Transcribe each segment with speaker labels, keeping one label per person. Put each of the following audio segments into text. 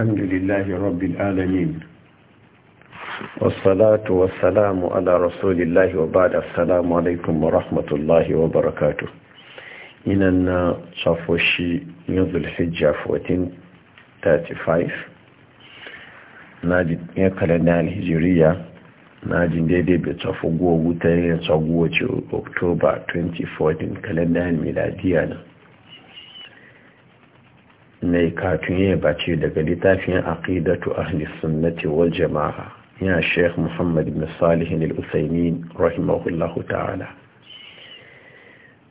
Speaker 1: الحمد لله رب العالمين والصلاة والسلام على رسول الله وبعد السلام عليكم ورحمة الله وبركاته إننا شافوشي يوم الحجة 1435 نادي يكالنا الهجرية najin daidai bai tafi guwa wuta yin tsaguwa ce oktoba 2014 kalendayen miladiya nan mai katunye bace daga littafin aqidatu ahli sunnati wal jama'a ya sheikh muhammad bin salih al-usaimin rahimahullahu ta'ala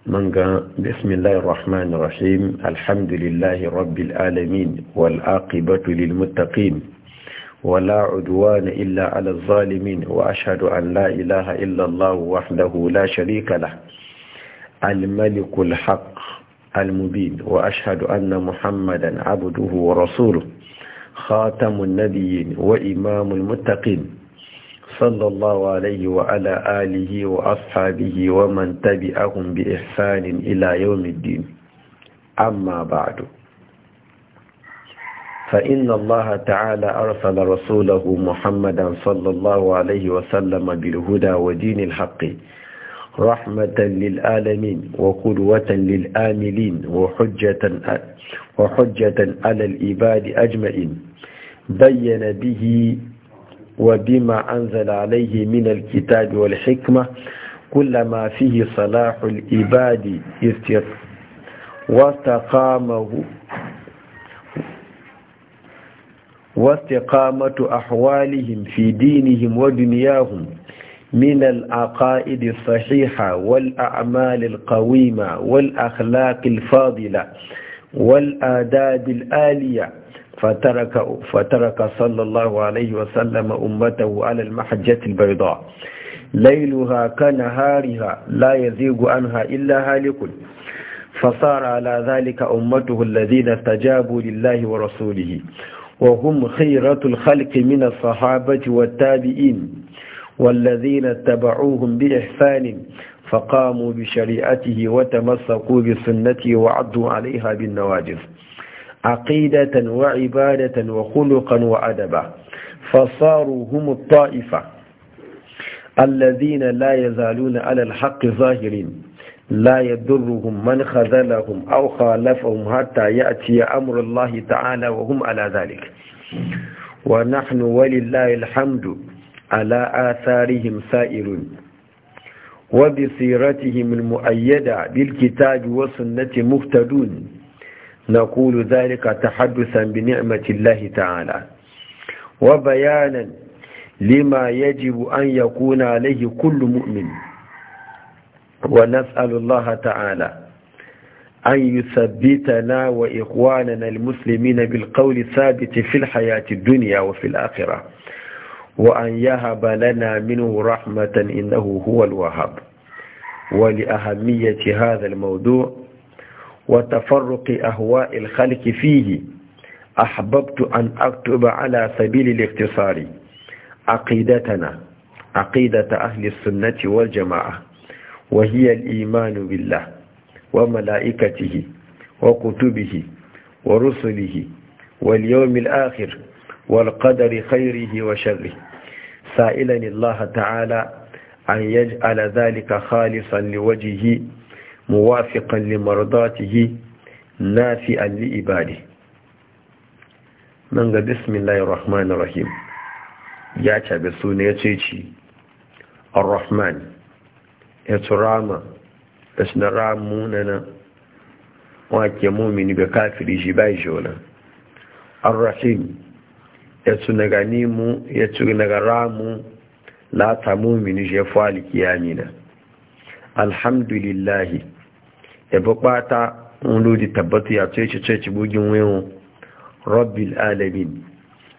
Speaker 1: من قال بسم الله الرحمن الرحيم الحمد لله رب العالمين والعاقبة للمتقين ولا عدوان إلا على الظالمين وأشهد أن لا إله إلا الله وحده لا شريك له الملك الحق المبين وأشهد أن محمدا عبده ورسوله خاتم النبيين وإمام المتقين صلى الله عليه وعلى آله وأصحابه ومن تبعهم بإحسان إلى يوم الدين أما بعد فإن الله تعالى أرسل رسوله محمدا صلى الله عليه وسلم بالهدى ودين الحق رحمة للعالمين وقدوة للآملين وحجة وحجة على العباد أجمعين بين به وبما أنزل عليه من الكتاب والحكمة كل ما فيه صلاح العباد واستقامه واستقامة أحوالهم في دينهم ودنياهم من العقائد الصحيحة والأعمال القويمة والأخلاق الفاضلة والآداب الآلية فترك, فترك صلى الله عليه وسلم أمته على المحجة البيضاء ليلها كنهارها لا يزيغ عنها إلا هالك فصار على ذلك أمته الذين استجابوا لله ورسوله وهم خيرة الخلق من الصحابة والتابعين والذين اتبعوهم بإحسان فقاموا بشريعته وتمسكوا بسنته وعدوا عليها بالنواجذ عقيدة وعبادة وخلقا وأدبا فصاروا هم الطائفة الذين لا يزالون على الحق ظاهرين لا يضرهم من خذلهم أو خالفهم حتى يأتي أمر الله تعالى وهم على ذلك ونحن ولله الحمد على آثارهم سائرون وبصيرتهم المؤيدة بالكتاب والسنة مهتدون نقول ذلك تحدثا بنعمة الله تعالى وبيانا لما يجب أن يكون عليه كل مؤمن ونسأل الله تعالى أن يثبتنا وإخواننا المسلمين بالقول الثابت في الحياة الدنيا وفي الآخرة وأن يهب لنا منه رحمة إنه هو الوهاب ولأهمية هذا الموضوع وتفرق أهواء الخلق فيه أحببت أن أكتب على سبيل الاختصار عقيدتنا عقيدة أهل السنة والجماعة وهي الإيمان بالله وملائكته وكتبه ورسله واليوم الآخر والقدر خيره وشره سائلا الله تعالى أن يجعل ذلك خالصا لوجهه موافقا لمرضاته نافئا لإباده من بسم الله الرحمن الرحيم ya cabe suna ya ce ci ar-rahman ya turama da shi na ramuna na wake mumini ga kafiri shi bai shi wani ar-rahim ya ci daga nimu ya daga ramu la ta mumini ya fali kiyami na alhamdulillahi ya bi kwata tabbatu ya ce ce bugin wewo rabbil alamin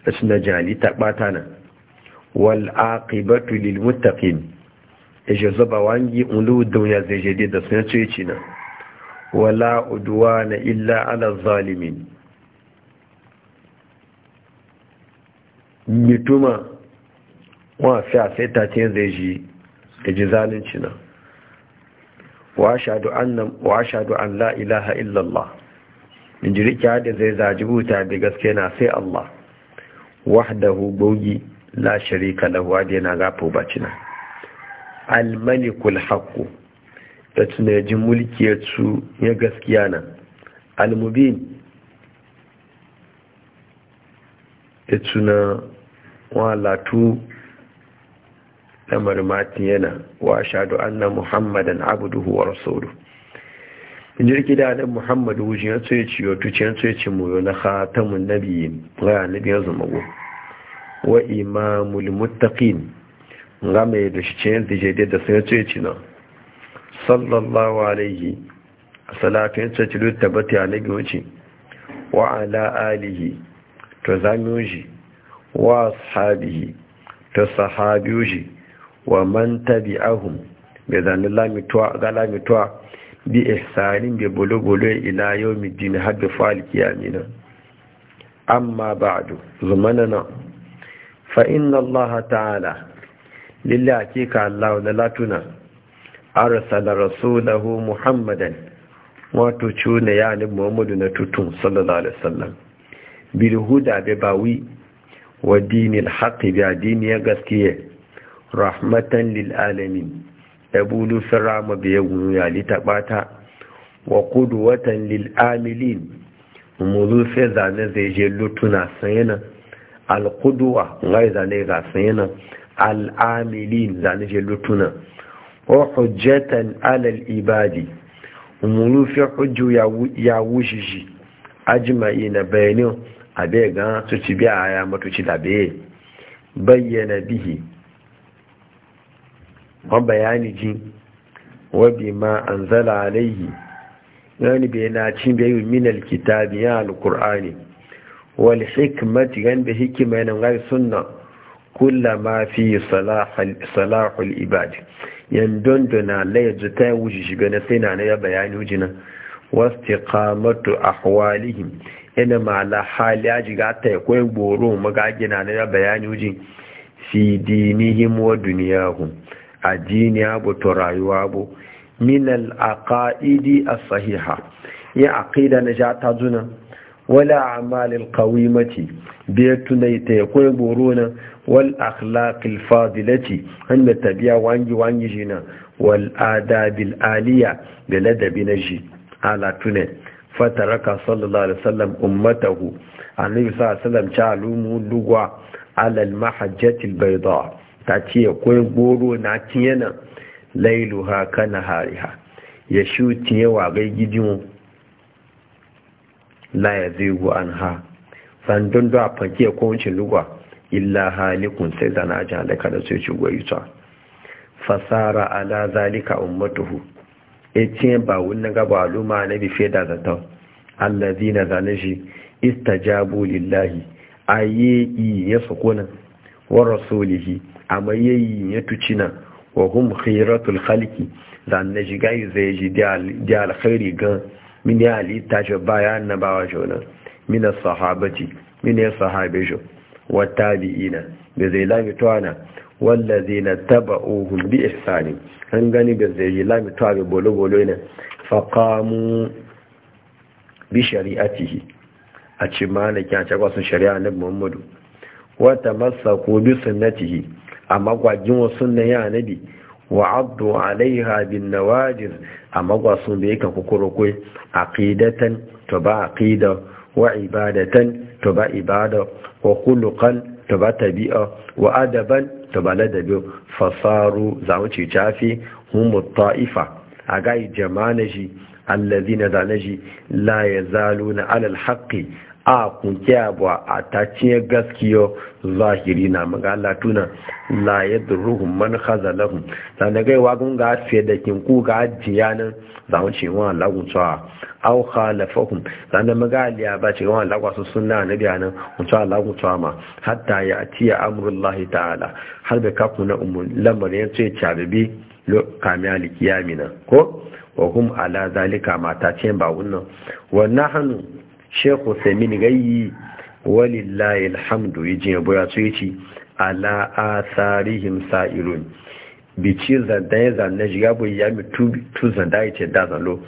Speaker 1: asna jali ta na wal aqibatu lil muttaqin ya je zaba wangi wuludin ya zai de da suna ce na wala udwana illa ala zalimin mituma wa fi a sai ta ce zai ji da ji zalunci nan wa shaɗu an la ilaha illallah in ji rikya da zai zaji buta da gaske na sai Allah wahdahu gogi la sharika lahu da yana gafo nan almalikul haqqu da tunaji mulki ya su ya gaskiya nan almubin da tuna wa latu lamar matin yana wa shaɗu anna muhammadan abuduhu wa rasulu jirki da adam muhammadu wuce ya tsoye ci yau tuce ya tsoye ci muyo na khatamun nabi ga nabi ya go wa imamul muttaqin Nga mai da shi cin da jade da sun tsoye ci na sallallahu alaihi salatu salafin tsoye ci lutta bata ya nabi wuce wa ala alihi to zamiyo shi wa sahabihi ta sahabiyoshi wa man tabi'ahum bai zane lamituwa bi ihsanin bi bolo-bolo ila yau jini har da falkiya minan amma ba'du zumanana fa inna allaha ta'ala lillahi hakika allahu na latuna rasa na rasulahu muhammadan wato Cuna ya ni muhammadu na tutun sallallahu alaihi wasallam bil huda bi bawi wa dinil haqqi bi dini ya gaskiya rahmatan lil alamin ebulu sarama bi yagunu ya litabata wa qudwatan lil amilin mulu fe zane zai je lutuna sayana al qudwa ngai zane ga sayana al amilin zane je lutuna wa hujjatan ala al ibadi mulu fi hujju ya wushi ajma'ina bayanin abe gan su ci biya ya matuci da be bayyana bihi wa bayani ji wa bima anzala alaihi yani be na cin be minal alkitabi ya alqur'ani wal hikmati gan be hikima yana ga sunna ma fi salahul ibad yan dondona layaji ta wuji shi na sai na ya bayani wujina wastiqamatu ahwalihim ina la hali ya shiga ta ya kwaye goro magagina na ya bayani uji dini himu wa a addini abu to rayuwa abu min al aqaidi as sahiha ya aqida na ja ta zuna wala a'mal al qawimati bi tunai ta ya kwaye na wal akhlaq al fadilati ta tabiya wangi wangi jina wal adab al aliya da ladabi na shi ala tunai fataraka sallallahu alaihi wasallam ummatahu annabi sallallahu alaihi wasallam cha alumu lugwa ta ce akwai goro na tiyana lailuha kana hariha ya shu tiye wa gai gidin la ya zigu anha sandon da fanke ko lugwa illa halikun sai zana jan da kada sai ci goyi ta fasara ala zalika ummatuhu e cin ba wannan gaba ne na fe da zata allazi na zane shi istajabu lillahi a yi ya sakona wa rasulihi a yi ya tucina wa hum khiratul khaliki zane shi gayi zai ji da alkhairi gan min ya halitta shi baya na shi na min sahabati min ya sahabe shi wa tabi'ina da zai na wallazi na taba ohun bi isani an gani da zai yi lamitu bolo-bolo ne faƙamu bi shari'atihi a ci malaki a cikin sun shari'a na muhammadu wata masa ko bi sunnatihi a magwajin wasu na ya nabi wa abdu alaiha bin nawajir a magwasun da kai A ƙidatan to ba a ƙida wa ibadatan to ba ibada wa kulukan to ba tabi'a wa adaban to ba fasaru za mu ci tafi humu ta'ifa a gai jama'a na shi allazi na zane shi la ya zalo na alal haƙƙi a kunke abu a taciyar gaskiyo zahiri na magala tuna la yadda ruhun man haza lahun da gaiwa gun ga fiye da kinku ga ajiya nan za mu ce wa lagun tsawa au khalafahum da na magali ya ba ce wa lagwa su sunna na biya nan mu lagun tsawa ma hatta ya atiya amrullahi ta'ala har da kafu na umul ya ce cabibi kamiya likiyamina ko wa hum ala zalika mata ce ba wannan wannan hannu shekhu samin gayi walillahi alhamdu yi jin yabo ya tsoye ci ala asarihim sa'irun bici zanda ya zanne shi gabo ya mi tu zanda ya ce da zalo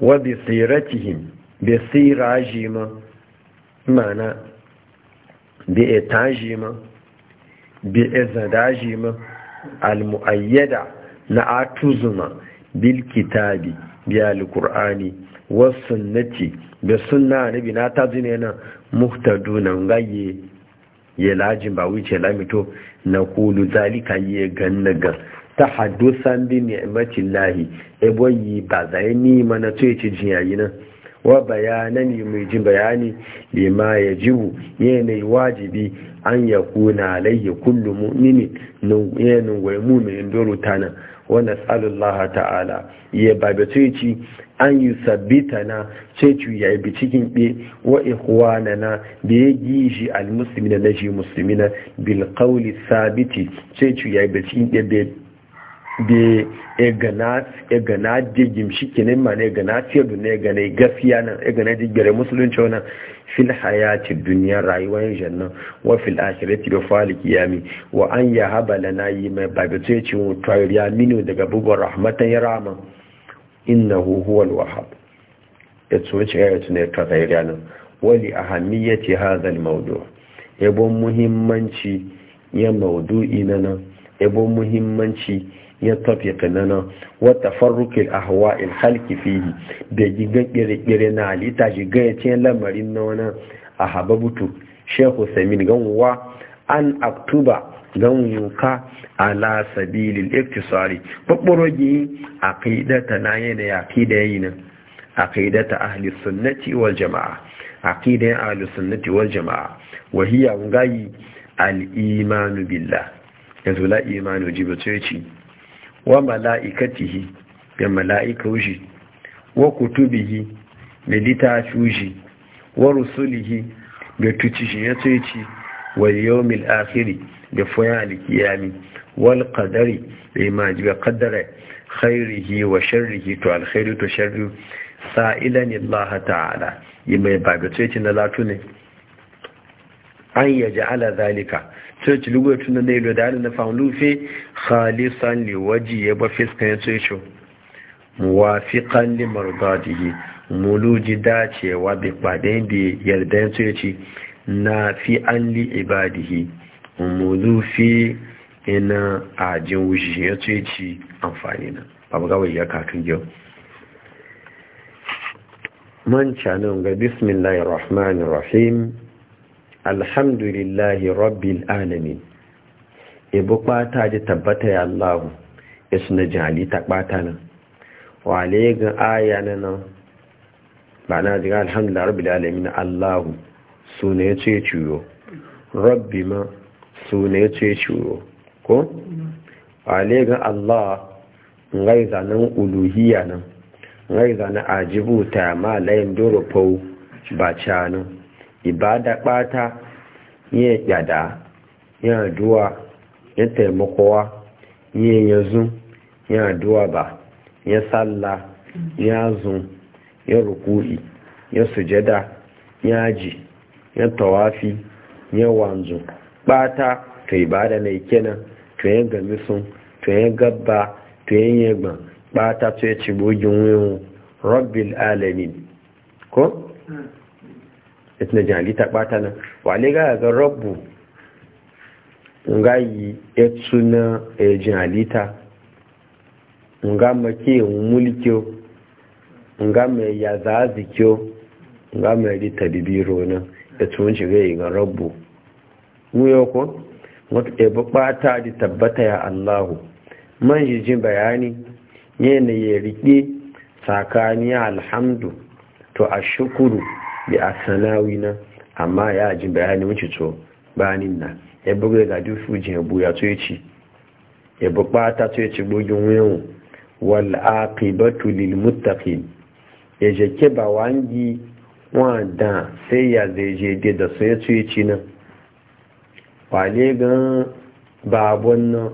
Speaker 1: wa bi siratihim bi siraji ma mana bi etaji ma bi ezadaji ma almuayyada na atuzuma bil kitabi bi alqur'ani wasannaci da suna nabi na ta zine na muhtadu na ngaye ya lajin ba wuce lamito na kulu zalika ya ganna gan ta ne a macin lahi ebo yi ba zai ni mana to jin yayi nan wa bayanan yi mai jin bayani ma ya jiwu yanayi wajibi an ya kuna alayhi kullu mu'mini yanin mai mu'minin doro tana wa nas'alullah ta'ala ya babatoci an yi sabita na ce ya yi cikin ɓe wa ihuwana na da ya gi shi almuslimina na shi musulmina bilkauli qawli sabiti ce ya yi cikin ɓe e e e da ya gana jirgin shi kenan ma ne gana fiye da ne gane gafiya nan ya gana jirgin musulunci wannan fil hayati duniya rayuwar jannan wa fil akhirati bi fali kiyami wa an ya haba lana yi mai babatu ya ce mutuwa minu daga bugun rahmatan ya rama innahu al wahhab yace wace ya tune ta gairiya nan wali ahammiyati hadha al mawdu' yabo muhimmanci ya mawdu'i nan yabo muhimmanci ya wa tafarruq wata farrukin al-khalq fihi da gigan gire-gire na halitta shi lamarin na wani a hababutu shehu samin wa an aktuba don yuka ala sabilil iktisari kwakwaro a kaidata na yanayi a kaida nan a kaidata ahli sunnati wal jama'a a kaidayen ahli sunnati wal jama'a wahiya ngayi al'imanu billah yanzu la imanu ce. wa mala'ikatihi da wuji? wa kutubihi da litashushi wa rusulihi da shi ya wa yawmil akhiri da foyan alkiyami wal qadari da eh, ma ga kaddara khairihi wa sharrihi to alkhairu to sharru sa'ilan illaha ta'ala yi mai bagace na latu ne an ya ala zalika sai ci lugu tuna da ilo da na fa'un lufe khalisan li waji ya ba fiskan ya ce shi muwafiqan li mardatihi muluji dacewa bi kwaden da yardan ce ci na fi an li ibadihi mulu fi ina ajin wushi ya ce ci amfani na babu gawai ya kakin yau man canin ga bismillahir rahmanir rahim alhamdulillahi rabbil alamin ibu kwata ji tabbata ya allahu na jali ta kwata nan wale ga aya na nan ba na jiga alhamdulillah rabbil alamin allahu suna ya ce ciwo rabbi ma suna ya ce shuro ko ale ga Allah ngai zanen uluhiya nan ngai zanen ajibu ta ma layin doro fau ba canu ibada bata yin yada yin aduwa ya taimakowa yin yanzu yin aduwa ba ya sallah ya azun ya ruku'i yin sujada yin aji yin tawafi ya wanzu bata to ibada na kenan to yan gami sun to yan gabba to yi yagban bata to ya ci bogin wuyan rabbin alamin ko itina jalita bata nan wale ga ga rabbu nga yi ya suna jalita nga make mulkiyo nga mai ya zazikyo nga mai rita dibiro nan ya tun ga yi ga rabbu wuyoko ko wata ɗaya bata da tabbata ya allahu man yi jin bayani yana ya riƙe tsakani alhamdu to a shukuru da a sanawi na amma ya ji bayani wuce to bayanin na ya bugu da duk fujin ya buya to ya ci ya bukata to ya ci bugin wuyan wal aqibatu lil muttaqin ya jake ba wangi wanda sai ya zai je da su ya ci nan wale gan babon nan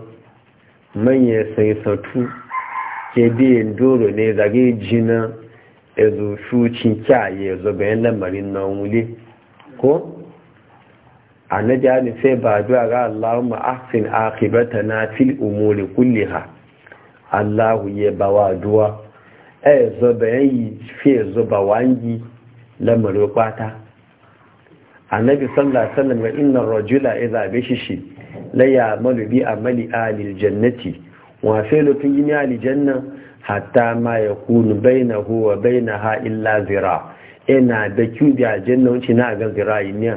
Speaker 1: manya sai satu ke biye doro ne zage jina ya zo shucin kyaye zo bayan lamarin na wule ko a na jani sai ba duwa ga Allahumma ahsin akibata na fil umuri ha? Allahu ya ba wa duwa ya e bayan yi fiye zo ba wangi lamarin kwata annabi sallallahu alaihi wasallam wa inna rajula idza bishishi la ya'malu bi amali ahli aljannati wa filu tun janna hatta ma yakunu bainahu wa bainaha illa zira ina da a janna wuce na ga zira ne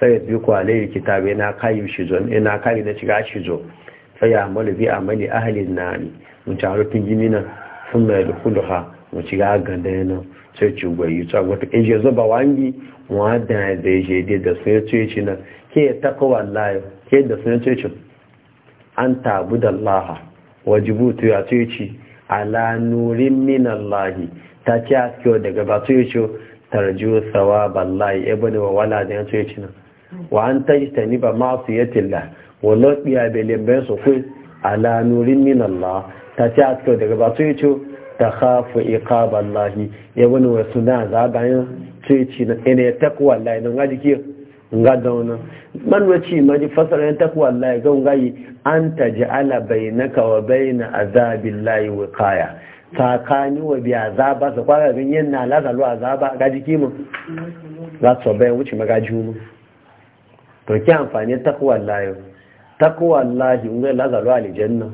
Speaker 1: sai bi ku alai kitabe na kayu shi zo ina kari na shiga shi zo fa ya'malu bi amali ahli an-nari mun taro tun gini nan sun mai mu shiga gandan nan sai ce gwayi ta wata ije zuba wangi wadda zai je dai da sun ce ci nan ke takawa layo ke da sun ce ci an tabu da laha wajibutu ya ce ci ala nurin min allahi ta a cikin daga ba ce Tarju Sawa sawaban layi ebani wa wala da ya ce ce nan wa an ta yi ta niba masu tilla wa lafiya belin bayan su kai ala nurin min allah ta a askiyo daga ba ce ta khafu iqaban lahi ya wani wasu na zagayen ceci na ina ya takwa lahi na ngaji ke nga da man wace ma ji fasara ya takwa lahi ga ngayi an ta ja'ala bainaka wa baina azabil lahi wiqaya tsakani wa bi azaba su kwara gan yin na lazalu azaba ga ki mu za su bayan wuce ji mu to ki amfani takwa lahi takwa lahi ngai lazalu aljanna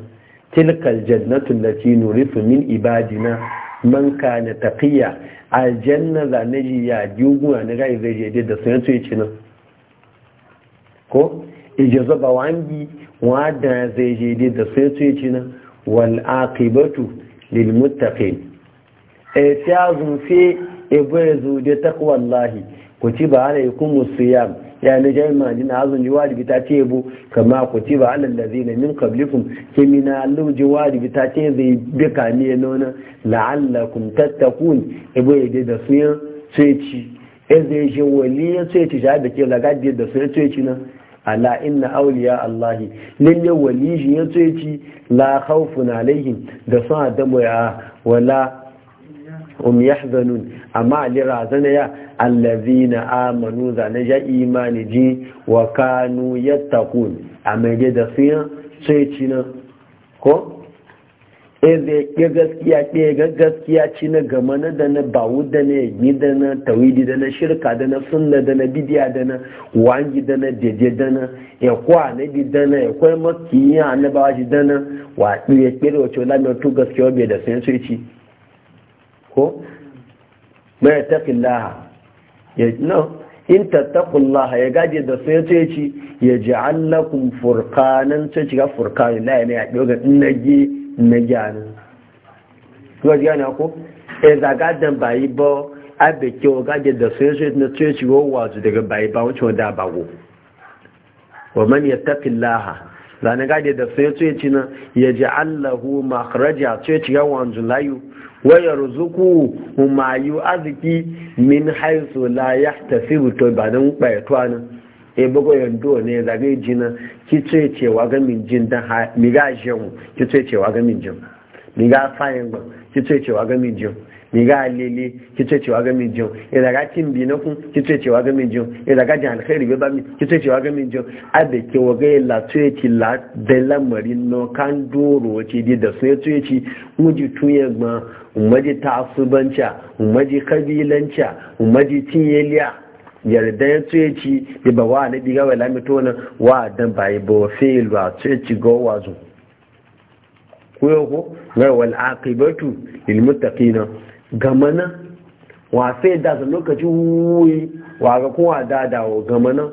Speaker 1: tilkal jannatu allati nurisu min ibadina man kana taqiya aljanna za ne ji ya jugu na gai zai je da sun so yace nan ko ijaza ba wangi wada zai je da sun so yace nan wal aqibatu lil muttaqin e ta fi ibu e yazu e da taqwallahi ba alaykumus siyam ya ne jami'in majina azun ji wajibi ta ce bu kama ku ci ba alal da zina min kablikum ke mina allum ji wajibi ta ce zai bi ka ne nuna la'allakum tattakun ibo ya da su yin ci in zai shi wali ya tsoci ci da ke lagadiyar da su ya e na. ala inna auliya allahi lalle wali shi ya tsoci la khawfun alaihim da sun adamu ya wala um yahzanun amma li razana ya allazina amanu zane ja imani ji wa kanu yattaqun amma ga da su sai ci na ko eze ya gaskiya ke gaskiya ci na gama na da na bawu da na yi da na tawidi da na shirka da na sunna da na bidiya da na wangi da na dede da na ya kwa na bi da na ya kwa makiyin annabawa shi da na wa ya kere wace lamar tu gaskiya bai da sun ci ko mai laha ya no in laha ya gaje da sai ce ci ya ja'al lakum furqanan ce ci ga furqanu la ne eh, ya doga nage gyanu ko ji ana ko e zaga dan bayi bo abe ke o gaje da sai ce na ce ci wo wazu daga bayi ba wuce da bago wa man laha zane gaje da sai ce ci na ya ji lahu makhraja ce ci ga wanzu layu waya ruzuku umayu arziki min haisu la ya tafi to ba nan ɓayatuwa nan e bugo yando ne zagaye jina ki ce cewa ga min jin dan ha mi ga jin ki ce cewa ga min jin mi ga fayin ba ki ce cewa ga min jin miga alele ki kice cewa ga min Idan ya daga kin bi na kun kice cewa ga min jiyo ya daga jin alkhairi be ba mi kice cewa ga min jiyo ke wa ga la tuye la de la mari no kan duro ci di da sai tuye muji tuye gba umaji ta'assubanca umaji kabilanca umaji tinyeliya yarda ya ci da ba wa na diga wala mi na wa dan bai bo fe wa tuye go wazo ko yo ko ga wal aqibatu lil muttaqina Gamana wa sai da su lokaci wuyi waga kuma dadawa gama gamana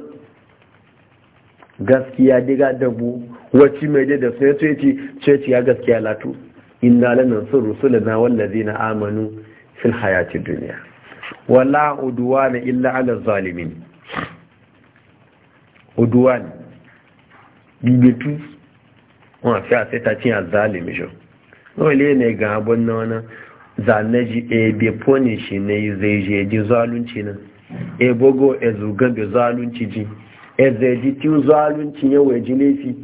Speaker 1: gaskiya diga dabu wacce mai da su ya ce ce ya gaskiya latu inna lanar sun rusula na wallazi na amanu fil hayati duniya wala uduwa na illa ala zalimin uduwa ne bibitu a fi a sai ta cin a zalimin shi wale ne ga abun na wani zane ji e, be poni shi ne zai je ji zalunci nan e bogo e zugan be zalunci ji e zai ji ti zalunci ya ji laifi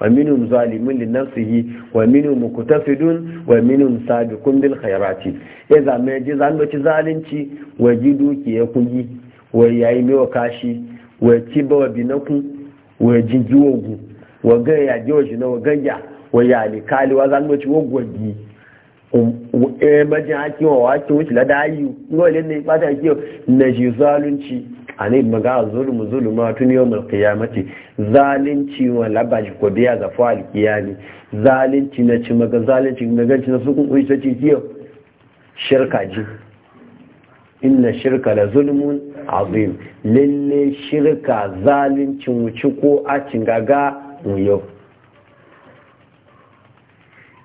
Speaker 1: wa minum zalimin li nafsihi wa minum muqtasidun wa minum sabiqun bil khairati e za me ji zalunci zalunci wa ji duki ya kugi wa yayi mewa kashi wa ci bawa binaku wa ji jiwogu wa ga ya jiwo shi na wa ganya wa ya alikali wa zalunci wogwagi majin haki wa wake wuce lada ayu ngole ne ba ta kiyo na ji zalunci A anai maga zulmu zulma tun mai qiyamati zalunci wa labaji ko biya ga fa alkiyami zalunci na ci maga zalunci na ganci na sukun uyi sace kiyo shirka ji inna shirka la zulmun azim lalle shirka zalunci wuci ko a cingaga mu yau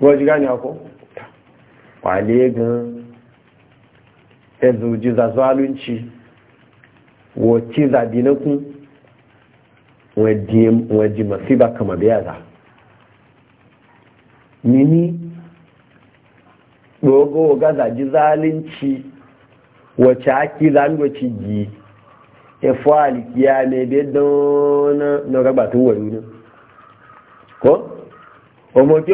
Speaker 1: wajiga ne ako wale gan ezu ji za zalunci wace zabi na kun wajen masiba kama da yara nini dogo ga zaji zalunci wace gi efo alikiya ne be don na gaba tun wayo ne ko omo ti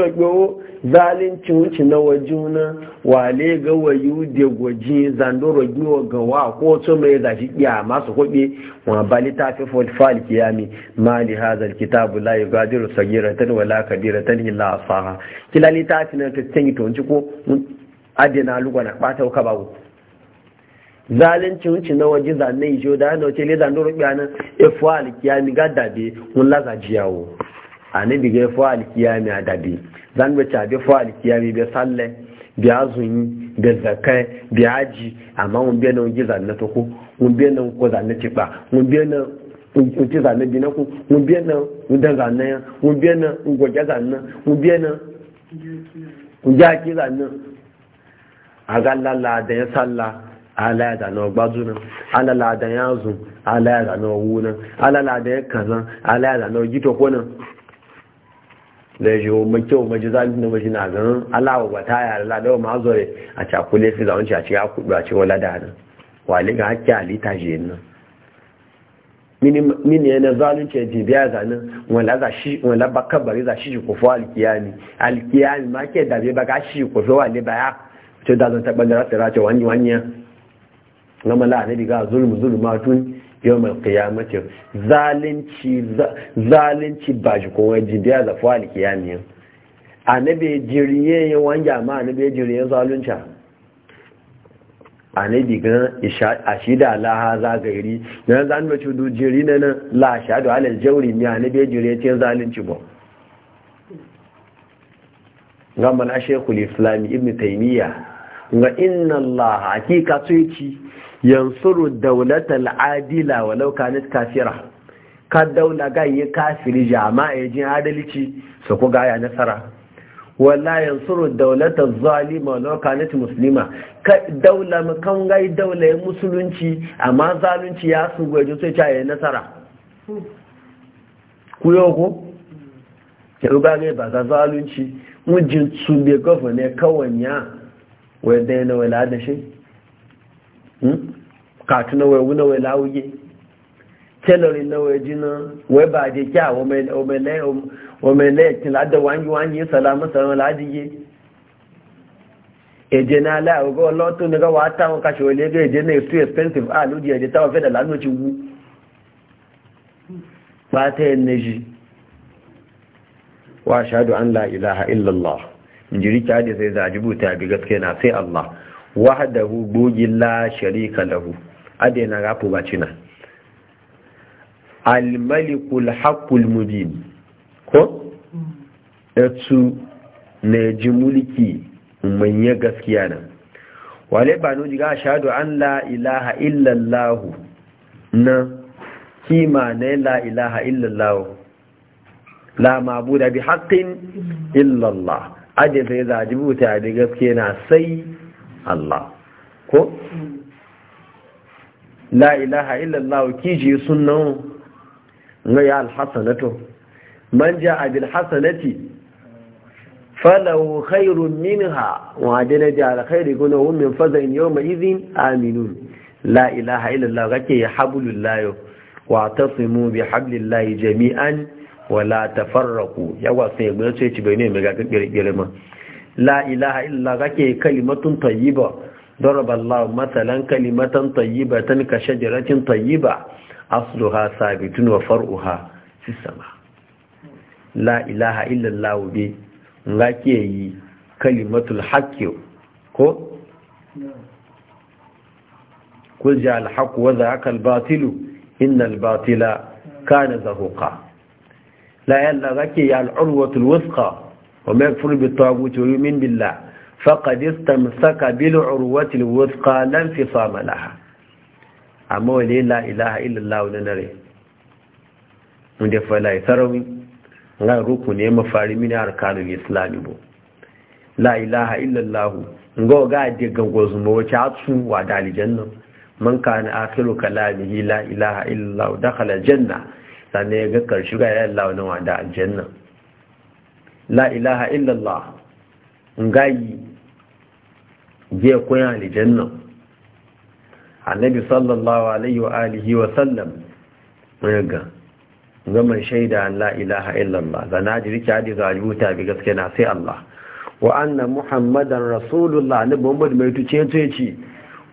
Speaker 1: zalunci wuce na wajuna wale ga wayu da gwaji zandoro giwa ga wa ko to mai zashi kiya masu kwabe wa bali ta fi fulfal kiyami mali hazal kitabu la yugadiru tan wala tan illa asaha kila litafi na ta tangi to ko adina na ɓata ka ba. Zalin wuce na waje zanne ijo da na wace le zandoro kiya na ifu e alkiyami ga dabe mun laza jiyawo ani diga fa alkiyami adabi zan ba ta bi fa alkiyami bi salle bi azun bi zakai bi aji amma mun bi nan giza na to ko mun bi nan ko zan ci ba mun bi nan mun ci zan bi na ko mun bi nan mun da zan nan mun bi nan mun goja zan nan mun bi nan mun ja ki zan na aga lalla da ya salla ala ya zan gbazu nan ala la da ya zun ala ya zan wu nan ala la da ya kazan ala ya zan gito ko nan da ya shiwo mai kyau mai zalin na mashi na ganin alawa ba ta yara ladawa ma zore a cakule su zaunci a cikin kudu a cikin lada nan wale ga hakki halitta shi yin nan mini yana zalunci ya jibi ya zanen wala ba kabari za shi kufu alkiyani alkiyani ma ke dabe ba ga shi kufu wale ba ya ce da zan taɓa da rasu race wani wani ya gama la'anari ga zulmi zulmi tun yawon kiyamacin zalunci ba shi kuma jibiya da fawali kiyamiyin a na bai jiriye yin wanja ma a na bai jiriye zalunca a na bigan a shi da laha zagayiri na yanzu an mace du jiri na nan lashe. da halin jauri ne a na bai jiriye ce zalunci ba gama na shekul islami ibn taimiyya ga inna laha hakika tsoci yansuru al adila walau kanat kafira ka daula ga yi kafiri jama'a ya jin adalci su ku ga ya nasara wala yansuru daulatal zalima walau kanat muslima ka daula kan ga daula musulunci amma zalunci ya su gwaje sai ta yi nasara ku yau ko yau ga ne ba za zalunci mujin su be ne kawanya wai dai na wala da shi Hmm? kàtún náà wẹ̀ wú náà wẹ̀ láwùyé tẹ́lọ̀rì náà wẹ̀ jiná wẹ̀ bá àdé kí àwọn ọmọ ẹ̀tìn ládọ̀ wáyé wáyé sàlámù sàlámù èdè náà láàrúgbọ́ ọlọ́tún ní káwàá táwọn èdè náà too expensive ah lóde èdè táwọn fẹ́dà lánàá ti wú wa an illallah in sai wahdahu bogi la sharika lahu ade na rafu bacina almalikul haqqul mubin ko mm. etu ne ji mulki ya gaskiya nan wale ba no diga shahadu an la ilaha illallah na kima ne la ilaha illallah la mabuda bi haqqin mm. illallah aje zai zaji buta da gaskiya na sai Allah ko la ilaha illallah kiji sunnan ga ya alhasanatu man ja'a bil hasanati falahu khairun minha wa adana ja alkhairi hum min fazain yawma idhin aminun la ilaha illallah kake ya wa tasimu bi hablillah jami'an wa la tafarraqu yawa sai gbe sai ci bai ne mai ga kirkirma la ilaha illa kake kalimatun tayyiba daraba Allah matsalan kalimatan tayyiba tan ka shajaratin tayyiba asluha sabitun wa far'uha fi sama la ilaha illa Allah bi kake yi kalimatul haqqi ko kul ja al haqq wa zaaka al batil inna وما يكفر بالطاغوت ويؤمن بالله فقد استمسك بالعروة الوثقى لا انفصام لها أما ولي لا إله إلا الله ونري من دفع لا يتروي غير ركن يما من أركان الإسلام بو لا إله إلا الله نقول قاعد diga gozuma wace atsu wa dali janna man kana akhiru kalamihi la ilaha illa allah dakhala janna sanne ga karshe ga Allah wannan wa da la ilaha illallah ngayi je koyan aljanna annabi sallallahu alaihi wa alihi wa sallam ga gaman shaida la ilaha illallah zana jirki hadisi rubuta bi gaske na sai Allah wa anna muhammadan rasulullah ne muhammad mai tuce tuce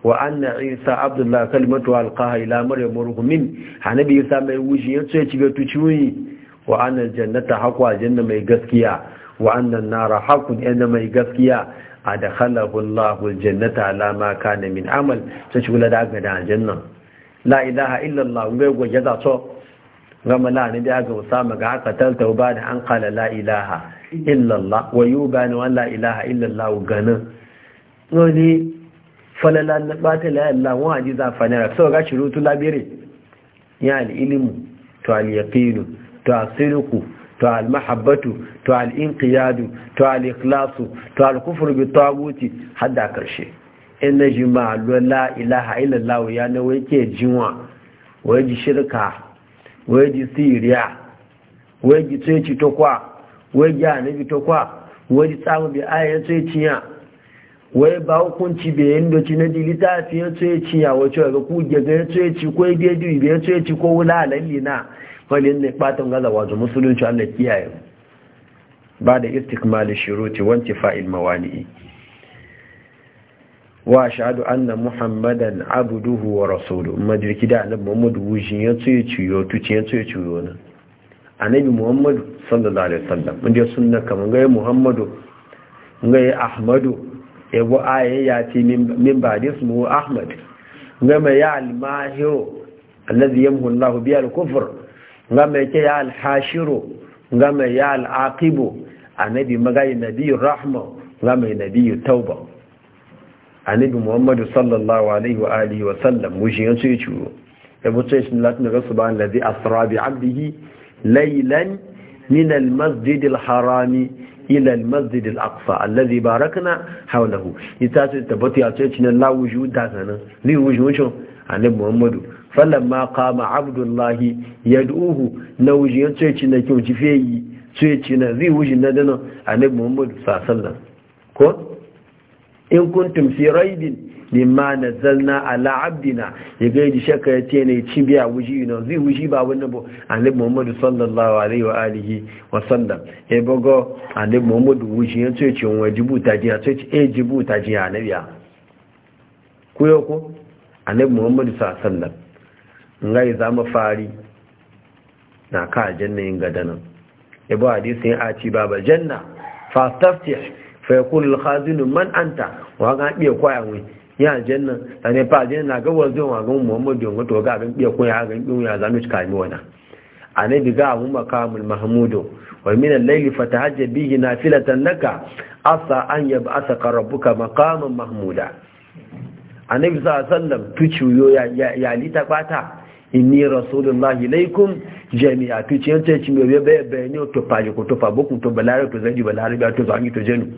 Speaker 1: wa anna isa abdullah kalimatu alqaha ila maryam ruhumin annabi isa mai wuji ya tuce ga tuciwi wa jannata haku aljanna mai gaskiya wa nara haku aljanna mai gaskiya a da khalaqullahu aljannata ala ma kana min amal ta ci kula da ga da aljanna la ilaha illa allah ngai go jaza so gama la ne da ga usama ga aka talta ba da an kala la ilaha illa allah wa yuba ni la ilaha illa allah gana ngoni falala na bata la ilaha wa ajiza fanara so ga rutu labire ya al ilmu to al yaqinu to asiriku to almahabbatu to al'inqiyadu to al'ikhlasu to al'kufur bi taguti hadda karshe inna na la ilaha illallah ya na wai jinwa wai ji shirka wai ji siriya wai ji to kwa wai ji anabi to kwa wai ji tsamu bi ayan tsociya wai ba hukunci bai yin doci na dilita a fi tsoye tsociya wacce ga ku gaga yin ci ko yi ci ko wula a lallina? falin ne batun gaza wazo musulunci Allah kiyaye ba da istikmali shuruti wanti fa'il mawani wa shahadu anna muhammadan abduhu wa rasuluhu madirki da annabi muhammad wujin ya tsaye ciyo tuci ya tsaye ciyo na annabi muhammad sallallahu alaihi wasallam ji sunna kaman ga muhammadu ga ahmadu ya bu ayati min ba'dis mu ahmad ga ma ya al-mahir alladhi yamhu allah bi al-kufr nga mai ke ya alhashiro nga mai ya a nabi magayi nabiyu rahma nga mai nabiyu tauba nabi muhammadu sallallahu alaihi wa alihi wa sallam mujiyan su yi ciwo ya bu shi sun latin rasu ba allazi asra bi abdihi laylan min al-masjid harami ila al-masjid Alladhi, aqsa allazi barakna hawlahu ita ce tabbata ya ce cinan la wujuda sanan ni shi annabi muhammadu falamma kama abdullahi duhu na wuji ya ce na kyau ci feyi yi, ci na zai wuji na dana annabi Muhammadu sallallahu ko in kuntum fi raibin na zalna ala abdina ya ga yi shakka ya ce ne ci biya wuji na zai wuji ba wannan ba annabi Muhammadu sallallahu alaihi wa alihi wa sallam bago a annabi muhammadu wuji ya ce wa jibu ta jiya ya ce eh, jibu ta ji annabi ya ko yo a annabi muhammad sallallahu alaihi wa ngai zama fari na ka janna yin gadana ibu hadisin a ci baba janna fastaftih fa yakun al-khazin man anta wa ga biye kwaya mu ya janna da ne fa janna ga wazo wa ga muhammadu ga to ga abin biye kwaya ga biye ya zanu cika mi wana annabi ga mu makamul mahmudu wa min al-layli fatahajjab bihi nafilatan laka asa an yab'athaka rabbuka maqaman mahmuda annabi sallallahu alaihi wasallam yo ya ya ta inni rasulullahi laikum jami'a to ce yanta ci mai bai bai ne to faje ko to fa bokun to balare to zaji balare ba to zangi to jenu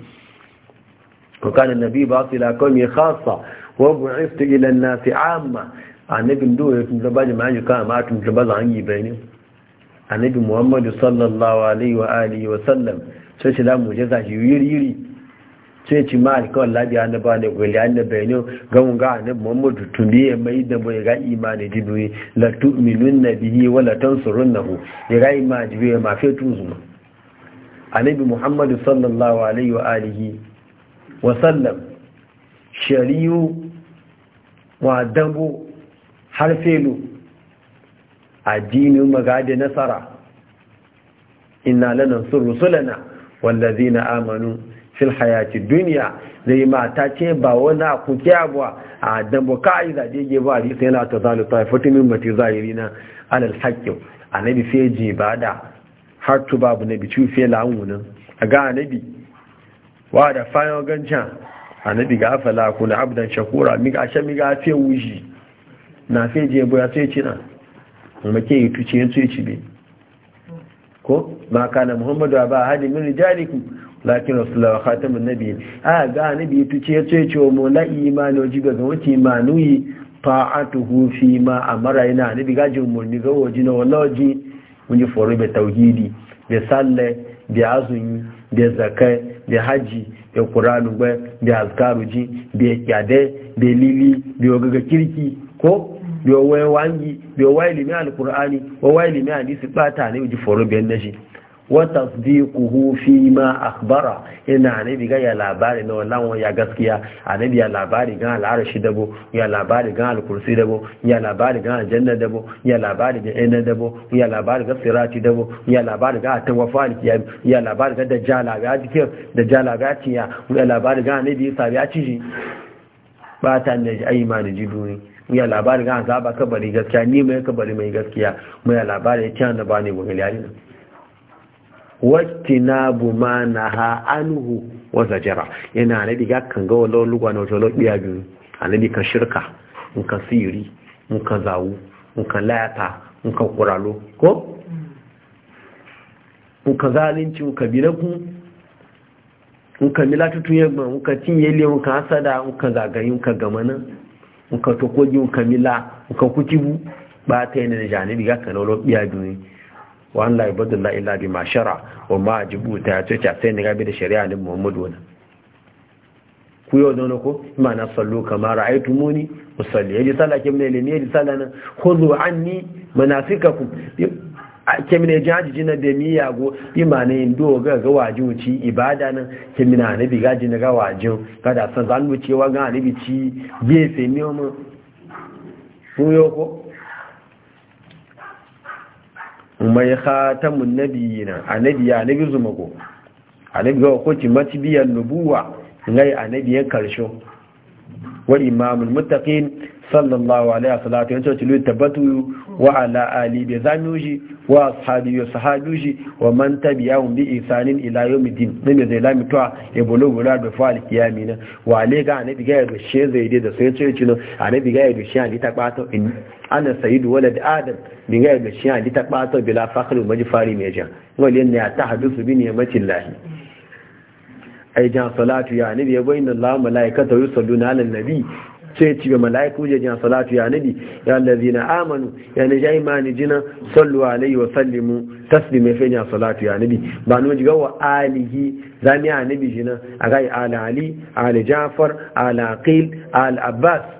Speaker 1: ko kana nabi ba su ila kawmi khassa wa bu'ithtu ila an-nas 'amma annabin do ya tunda ba jama'a ji kana ma tun da ba zangi bai ne annabi muhammad sallallahu alaihi wa alihi wa sallam sai shi la mujaza yiri yiri sai ci ma alkawar labiya na ba ne gwali an da bayani gamun ga annabi muhammadu tumbi ya mai da mai ga imani dibi la tu'minun nabiyyi wa na hu ya ga imani ya ma tun zuma. annabi muhammadu sallallahu alaihi wa alihi wa sallam shari'u wa dambu har felu addinin magadi nasara inna sun rusulana wallazina amanu fil hayati duniya zai mata ce ba wani ku kiyabuwa a dambo ka'i da je ba sai na ta zalu ta fatu min mati zahiri na alal haqqi annabi sai ji ba da har tu babu nabi tu fi lawunan a ga annabi wa da fayo gancan annabi ga afala kuna abdan shakura mi ga sha mi ga fe wuji na sai je boya sai ci na amma ke yi tuce sai ci be ko ma kana muhammadu ba hadi min rijalikum lakin rasulullah khatamun nabi a ga nabi tuce ya ce ce mu la imani waji ga wuce manuyi ta'atuhu fi ma amara yana nabi gajin murni ga waje na wani waje wani foro bai tauhidi bai salle bai azumi bai zakai bai haji kuranu gbai bai be ji bai yade bai lili bai ogaga kirki ko bai waye wangi bai waye limi alkur'ani wa waye limi alisi bata ne uji foro bai nashi wa tasdiquhu fi ma akhbara ina annabi ga ya labari na wannan ya gaskiya anabi ya labari ga al'arshi dabo ya labari ga al-kursi dabo ya labari ga aljanna dabo ya labari ga ina dabo ya labari ga sirati dabo ya labari ga tawafali ya ya labari ga dajjala ga jikin dajjala ga ciya ya labari ga annabi sa ya ciji ba ta ne ai ma da duni ya labari ga zaba kabari gaskiya ni mai kabari mai gaskiya mai labari ya ci ba ne wa galiyari buma ma ha anuhu wata jira. yana nabi ga kan ga wani lugwa na wallo biya biyu annabi kan shirka in kan siri in kan zawu in kan layata in kan kuralo ko in kan zalunci in kan binaku in kan milatutun yagba in kan cinye le in kan hasada in kan zagayi in kan gamana in kan tokoji in kan mila in kan kucibu ba ta yana da janibi ga kan wallo biya biyu wa an la ibadu la illa bi mashara shara wa ma ajibu ta ce ta sai ni bi da shari'a ne muhammadu wannan ku yau don ko ma na sallu kamar ra'aytu muni musalli yaji sallah ke mene ne yaji sallah nan khudhu anni manasikakum ke mene jaji jina da mi yago bi ma ne ndo ga ga wajin ci ibada nan ke mina ne bi gaji na ga wajin kada san zan wucewa ga ne bi ci gefe ne mu ku yau ko mai khatamun nabiyina annabi ya nabi zumago annabi ga ko timati biyan nubuwa ngai annabi ya karsho wal imamul muttaqin sallallahu alaihi wasallam yace tilu tabatu wa ala ali bi zanuji wa ashabi wa sahabuji wa man tabi'ahum bi isanin ila yawmiddin nabi zai lami to ya bolo bolo da fa alkiyamina wa ale ga annabi ga da she zai da sai ce no annabi ga da she an ta kwato in ana sayyidu walad adam dinga da shi an ta bata bila fakhru majfari mai jan wali ne ya ta hadisu bi ni'matin lahi ay jan salatu ya nabi ya bayna Allah malaikata yusalluna ala nabi sai ci ga malaiku je jan salatu ya nabi ya allazina amanu ya ne jai mani jina sallu alaihi wa sallimu taslima fi jan salatu ya nabi ba no jiga wa alihi zami nabi jina agai ala ali ala jafar ala aqil al abbas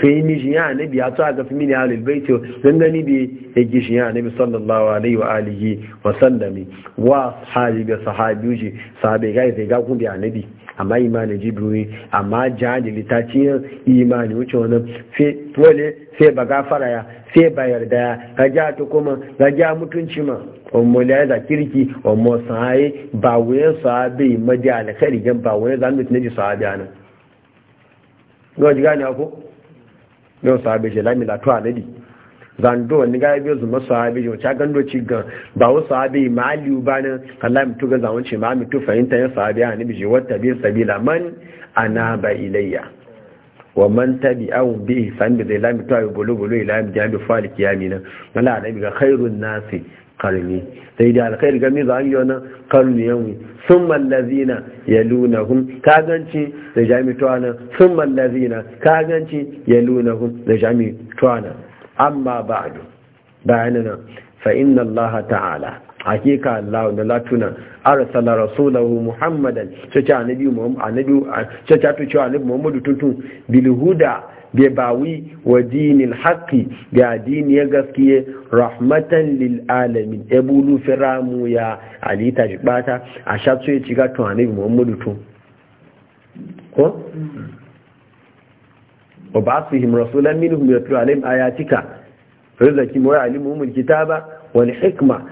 Speaker 1: to yi mishi ya annabi ya tsaka fi mini ahlul baiti dan gani bi ya gishi ya annabi sallallahu alaihi wa alihi wa sallami wa sahabi bi sahabiuji sahabi ga sai ga kun bi annabi amma imani jibril amma jahili ta ci imani wuce wani fe sai ba gafara ya sai ba yarda ya ga ja to kuma ga ja mutunci ma ọmọ ilẹ̀ ẹ̀dà kíríkì ọmọ sàn ba wuyan sàábẹ̀ ìmọ̀dé àlẹ́kẹ́rì gan bàwẹ́ zanbit méjì sàábẹ̀ àná gọ́ọ̀jì gáà ní ọkọ́ yau sahabe je lamila to anabi zando wani gaya biyo zuma sahabe je ta gando ci ga ba wa sahabe mali ba Allah kalla mutu ga zawon ma mutu fahimta ya sahabe anabi je wata biyu sabila man ana ba ilayya wa man tabi'ahu bi ihsan zai zalami to bolo bolo bulu ila mi jabi falik yamina wala anabi ga khairun nasi karni sai da alkhairi game za yi wani karni yawon sun mallazina ya luna hun kaganci da jami tuwana sun mallazina kaganci ya luna hun da jami tuwana amma ba'adu bayanana fa inna Allah ta'ala hakika Allah da latuna arsala rasulahu muhammadan sai a annabi muhammad annabi muhammadu tuntun bil huda bi bawi wa dinil haqqi ga dini ya gaskiye rahmatan lil alamin ebulu firamu ya alita jibata a shatsu ya ciga to annabi muhammadu to ko wa ba'athihim rasulan ya yatlu alim ayatika rizaki wa alimuhum alkitaba wal hikma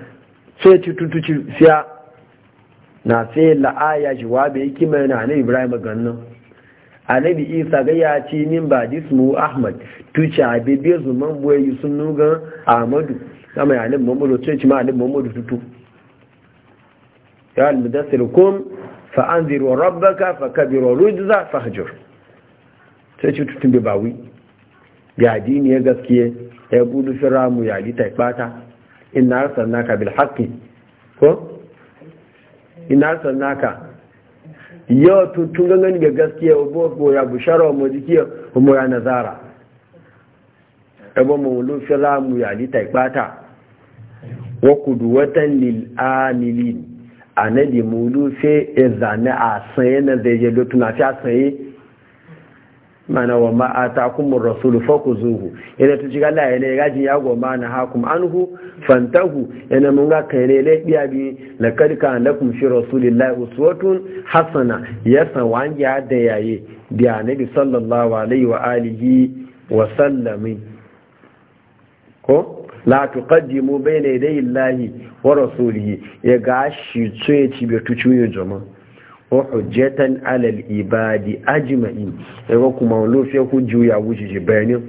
Speaker 1: ci tutuci siya na sai la'aya bai hikima na annabi ibrahim gannan anabi isa ga ya ce min ba jismu ahmad tuce abebe zuman buwa yi sun nugan ahmadu kama yanin mamadu tun ci ma yanin mamadu tutu ya almudassir kum fa an ziro rabbaka fa kabiro rujza fa hajjur sai ci tutun bi bawi ya dini ya gaskiye ya gudu fira mu ya lita bata inna arsalnaka bil haqqi ko inna arsalnaka yau tun gangan ga gaskiya wa ya bushara wa majikiya wa ya nazara ɗaba mawulun firamu ya lita ipata wa kuduwatan lil'amilin e a na di mulu fe izane a sanye na zai je lotuna fi a sanye mana wa ma'ata kuma rasulu faku zuhu yana tuci ga Allah ne gaji ya goma na hakum anhu fantahu yana mun ga kai ne lai biya bi la kadka lakum rasulillahi uswatun hasana yasa ya da yaye bi sallallahu alaihi wa alihi wa sallami ko la tuqaddimu bayna yadayi wa rasulihi ya gashi tsoye ci bi tuci jama'a wa hujjatan alal ibadi ajma'in ko kuma wani fi hujju ya wuce shi bayanin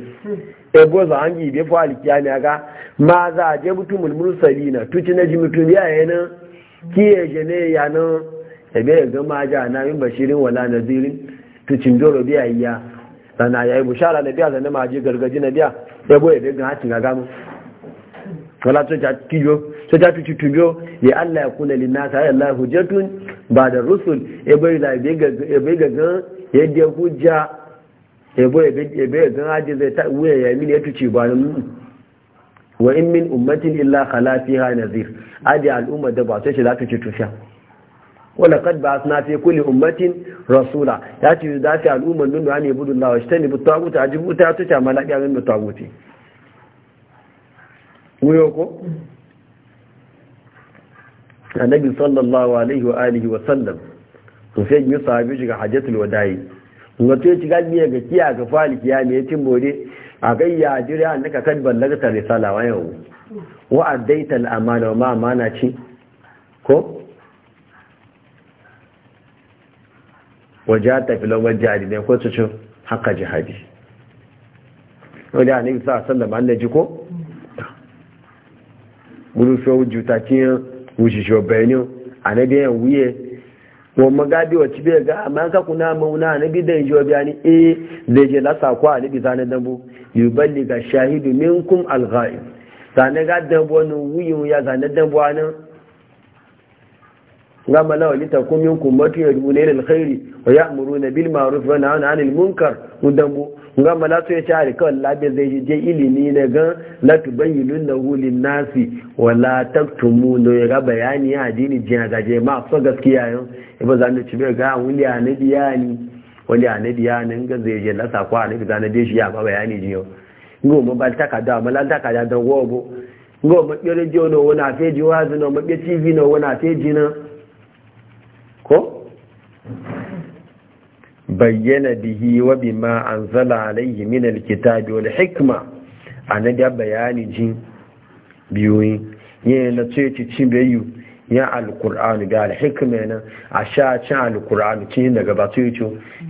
Speaker 1: ego za an yi befo alkiyani ga ma za a je mutumul mursalina tuci na ji mutum ya yana je ne ya e be ga ma ja na yin bashirin wala nazirin tucin doro biya ya sana ya yi bushara ne biya zane ma je gargaji na biya e ya ga hatin aga mu wala tuci a kiyo so ta tuci tubiyo ya Allah ya kuna lina ta ya Allah hujjatun ba da rusul ya e bai da ya e e bai ga gan yadda ya hujja ya bai ga gan haji zai ta wuya ya mini ya tuci ba nan wa in min ummatin illa khala fiha nazir adi al'umma da ba sai shi za ta ci tusha wala kad ba asna fi kulli ummatin rasula ya ce da ta al'umman nun ne Allah wa shtani bi taguta ajibu ta tuta malaka min taguti wuyo ko annabi sallallahu alaihi wa alihi wa sallam to sai yin sahabi shiga hajjatul wada'i kuma to ci gabi ga kiya ga fali kiya ne tin bore a ga ya jira an ka kan ballagta risala wa yau wa addaita al amana ma amana ci ko wajata fil wajhadi ne ko su ci haka jihadi wanda annabi sallallahu alaihi wa sallam Allah ji ko gudu sau juta cikin wuce benin a na biyan wuye wa magadi wa cibe ga amma ka kuna mauna na bidan jiwa biyani eh zai je lasa ko a libi zanen dambu yuballi shahidu minkum alghaib zanen ga dambu wuyin ya zanen dambu wani gama lawa lita kumin kumbatu ya rubu ne da alkhairi wa ya amuru na bil ma'ruf wa nahana anil munkar udambu gama la ya tare kawai labe zai je ilimi na gan la tubayyinun lahu lin nasi wa la taktumu no ya ga bayani ya addini jin ga je ma so gaskiya yau ibo e zan ci be ga wuli anabi ya ni wuli anabi na nan ga zai je la sakwa anabi ga na de shi ya ba bayani jiyo ngoma ba takada ma la takada da wobo ngoma yore je no wona fe ji wazi no ma be tv no wona fe ji na ko bayyana bihi wa bima anzala alayhi min alkitabi wal hikma an bayani jin biyoyi yin na ce cin bayu ya alkur'an ga alhikma na a sha cin ci cin daga ba ce ci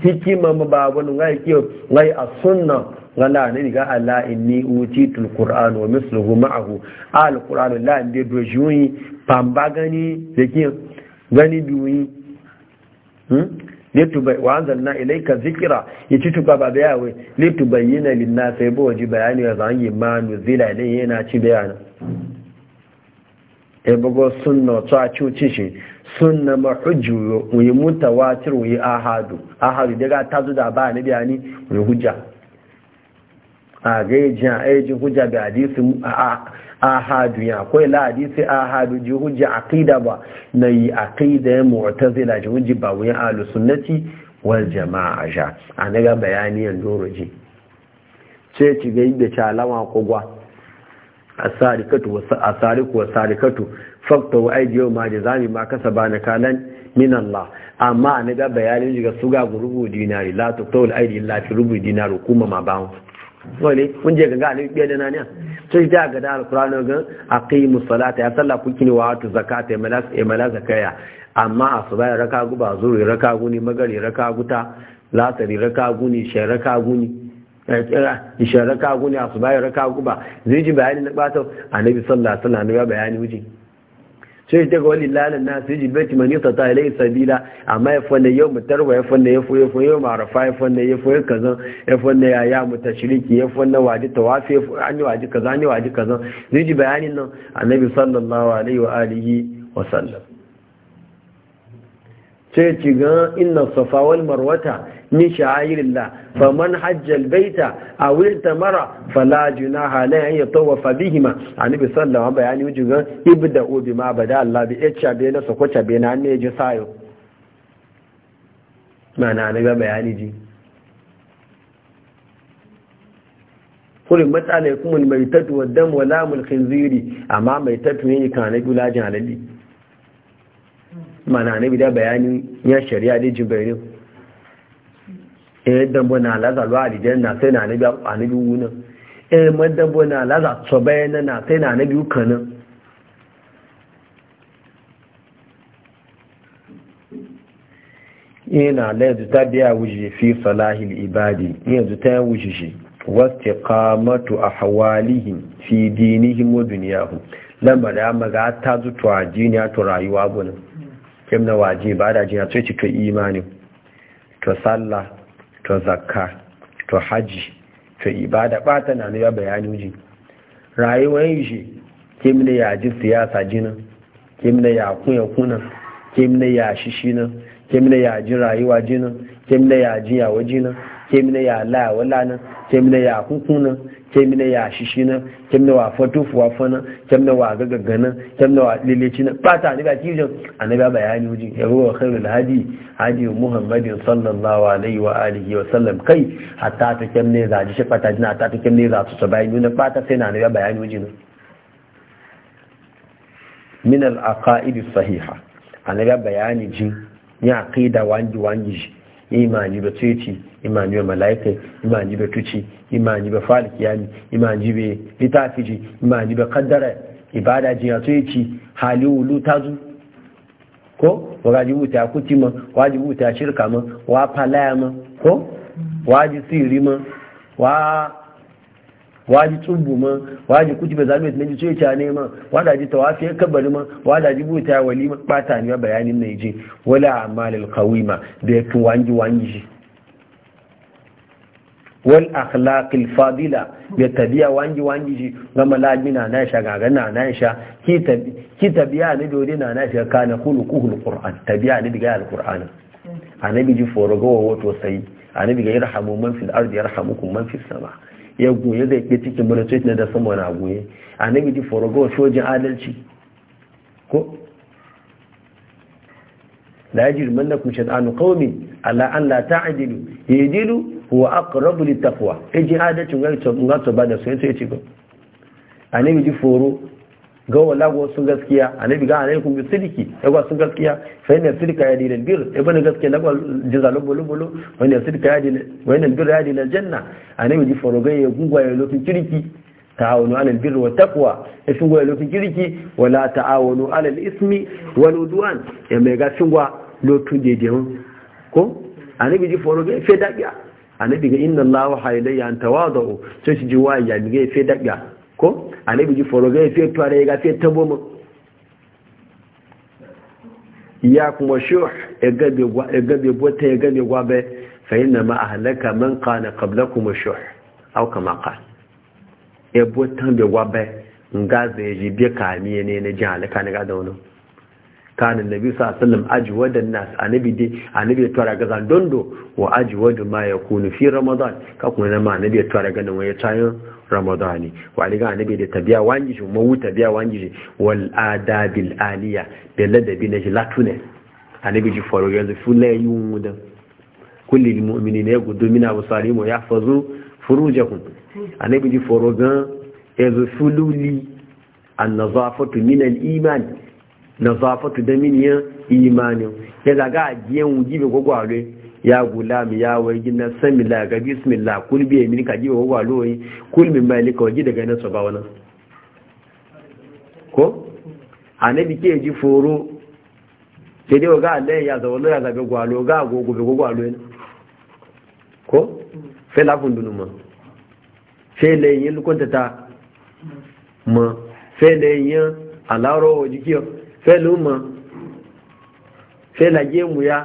Speaker 1: hikima ma ba wani ngai kiyo ngai asunna sunna wala ne ga ala inni utitu alquran wa misluhu ma'ahu alquran la inde dojuyi pamba gani da kiyo gani biyoyi ya hmm? wa anzalna ilayka dhikra yitituba baba yawe na lin sai yabo waji bayani ya zangi ma nuzila ilayhi yana ci bayana ebogo sunna ta cuci shi sunna hujju yi mutawatir yi ahadu ahadu daga tazu da ba ni bayani yi hujja a gaji a yajin hujja da hadisi a hadu ya akwai la hadisi a hadu ji hujja aqida ba na yi aqida ya mu'tazila ji hujji ba wuyan ahlu sunnati wal jama'a ja a naga bayani yan doro ji ce ci ga yadda ci alama kogwa asarikatu asariku asarikatu fakta wa aidiyo ma zami ma kasaba na kalan min Allah amma a naga bayanin ga suga rubu dinari la tuqtul aidi illa fi rubu dinari kuma ma bawo wani kun je ganga ne biya da naniya to ita ga da alqur'ani ga aqimu salata ya sallah kuki kini wa atu zakata ya malas ya malas zakaya amma asuba raka guba zuri raka guni magari raka guta lasari raka guni shay raka guni eh, ishe raka guni asuba raka guba zai ji bayani na bata annabi sallallahu alaihi wasallam ya bayani wuji sai ta ga wani lalin na sai ji bai timani ta ta ilai sabila amma ya fanne yau mu tarwa ya fanne ya foye foye yau marafa ya fanne ya foye kaza ya fanne ya ya mu shiriki ya fanne waji tawafi an yi waji kaza an yi waji kaza zai ji bayanin nan annabi sallallahu alaihi wa alihi wa sallam sai ci ga inna safa wal marwata min fa man hajjal baita aw tamara fala junaha la an yatawafa bihima annabi sallallahu alaihi bayani wujugan ibda ubi ma bada Allah bi echa be na sokocha be na ne ji sayo mana ne ga bayani ji kullum matsala kuma mai tatuwa dam wala mul khinziri amma mai tatuwa ne kana gulajin alali mana ne bi da bayani ya shari'a da jibril eh dambo na laza lo alijanna sai na nabi anabi wuna eh madambo na laza tsobe na na sai na fi salahil ibadi yanzu ta wuce shi wasu a hawalihin fi dinihin wa duniyahu lambar ya maga ta zutuwa to rayuwa na waje ba da jiniya to imanin sallah to zakka to haji to ibada bata na ya bayani uji rayuwar yi ne ya ji siyasa kim ne ya kunya kunan ne ya shishi nan ne ya ji rayuwa kim ne ya ji yawa kim ne ya lawa kim ne ya kukunan kemina ya shishi na kemina wa fatufu wa fana kemina wa gagagana kemina wa lilici na bata ni ba kijin annabi ba bayani wujin ya ruwa khairul hadi hadi muhammadin sallallahu alaihi wa alihi wa sallam kai hatta ta kemina za ji shi fata jina hatta ta kemina za su sabai na bata sai na annabi bayani wujin min al aqaid sahiha annabi bayani jin ya aqida wangi wangi imani ba tuci imani ba mala'ika imani ba tuci imani ba yani imani ba litafiji imani ba kaddara ibada ji ya tuci hali wulu ta zu ko wajibu ta kuti ma wajibu ta shirka ma wa falaya ma ko waji siri ma wa waji tsubu ma waji kujiba bai zalmai na ji tsoya ne ma wada ji tawafi ya kabari ma wada ji buta ya wali ma bata ne bayanin na je wala amalil qawima da yakin wangi wangi shi. wal akhlaqil fadila ya tabiya wangi wangi shi ga malamina na sha gaga na na sha ki tabiya ne dole na na sha kana kullu qur'an tabiya ne daga alqur'an anabi ji foro go wato sai anabi ga yarhamu man fil ardi yarhamukum man fis sama' ya goye zai ke cikin mana sai na da sama na goye a nan gidi forogo shojin adalci ko la jirman da kun anu kawai ala an la ta'adilu yadilu huwa aqrabu littaqwa e ji adalcin ga ta ba da su ya ci ko a nan gidi foro ga wala go sun gaskiya annabi ga alaikum bi sidiki ya go sun gaskiya fa inna sidika yadi lil bir ya bani gaskiya la go jaza lo bolo bolo wa inna sidika yadi wa inna bir yadi lil janna annabi ji foroga ya gugwa ya lokin kirki ta'awunu alal bir wa taqwa ya shungwa ya lokin kirki wala ta'awunu alal ismi wal udwan ya mai ga shungwa lokin dedeun ko annabi ji foroga fe dabiya annabi ga inna allaha hayla ya antawadu sai ji wa ya mi ga fe dabiya ko anabi ji foroga ya fiye tuware ya fiye tabo mu ya kuma shuh ya gabe bota ya gabe gwabe fahim na ma'ahalaka man kana kabla kuma shuh au kama ka ya bota bai gwabe nga zai ji bai kamiye ne na jihar halaka na gada wani kana nabi sallallahu alaihi aji ajwada nas annabi dai annabi ya tura ga zandondo wa aji ajwadu ma ya kunu fi ramadan ka kuma na annabi ya tura ga nan waya tayin ramadani wa aliga annabi da tabiya wangi shi mu wuta biya wangi shi wal adabil aliya da ladabi na latune annabi ji faro yanzu fulayun mudan kulli mu'minina yaqudu min absarihim wa yahfazu furujahum annabi ji faro ga yanzu fululi an-nazafatu min al-iman na zafatu da miniyan imanin ya zaga a giyan wujibe gwagware ya gulami ya wai gina sami la ga bismillah kul bi yamin ka gibe gwagwaro yi kul min malika waji daga nan so ba wannan ko anabi ke ji foro sai dai ga Allah ya zawo ya zaga gwalo ga gogo be gwagwaro ne ko sai lafun dunuma sai layin lukunta ta ma sai layin alaro wajikiyo fẹ́lẹ̀ ó mọ̀ fẹ́lẹ̀ ayé mú ya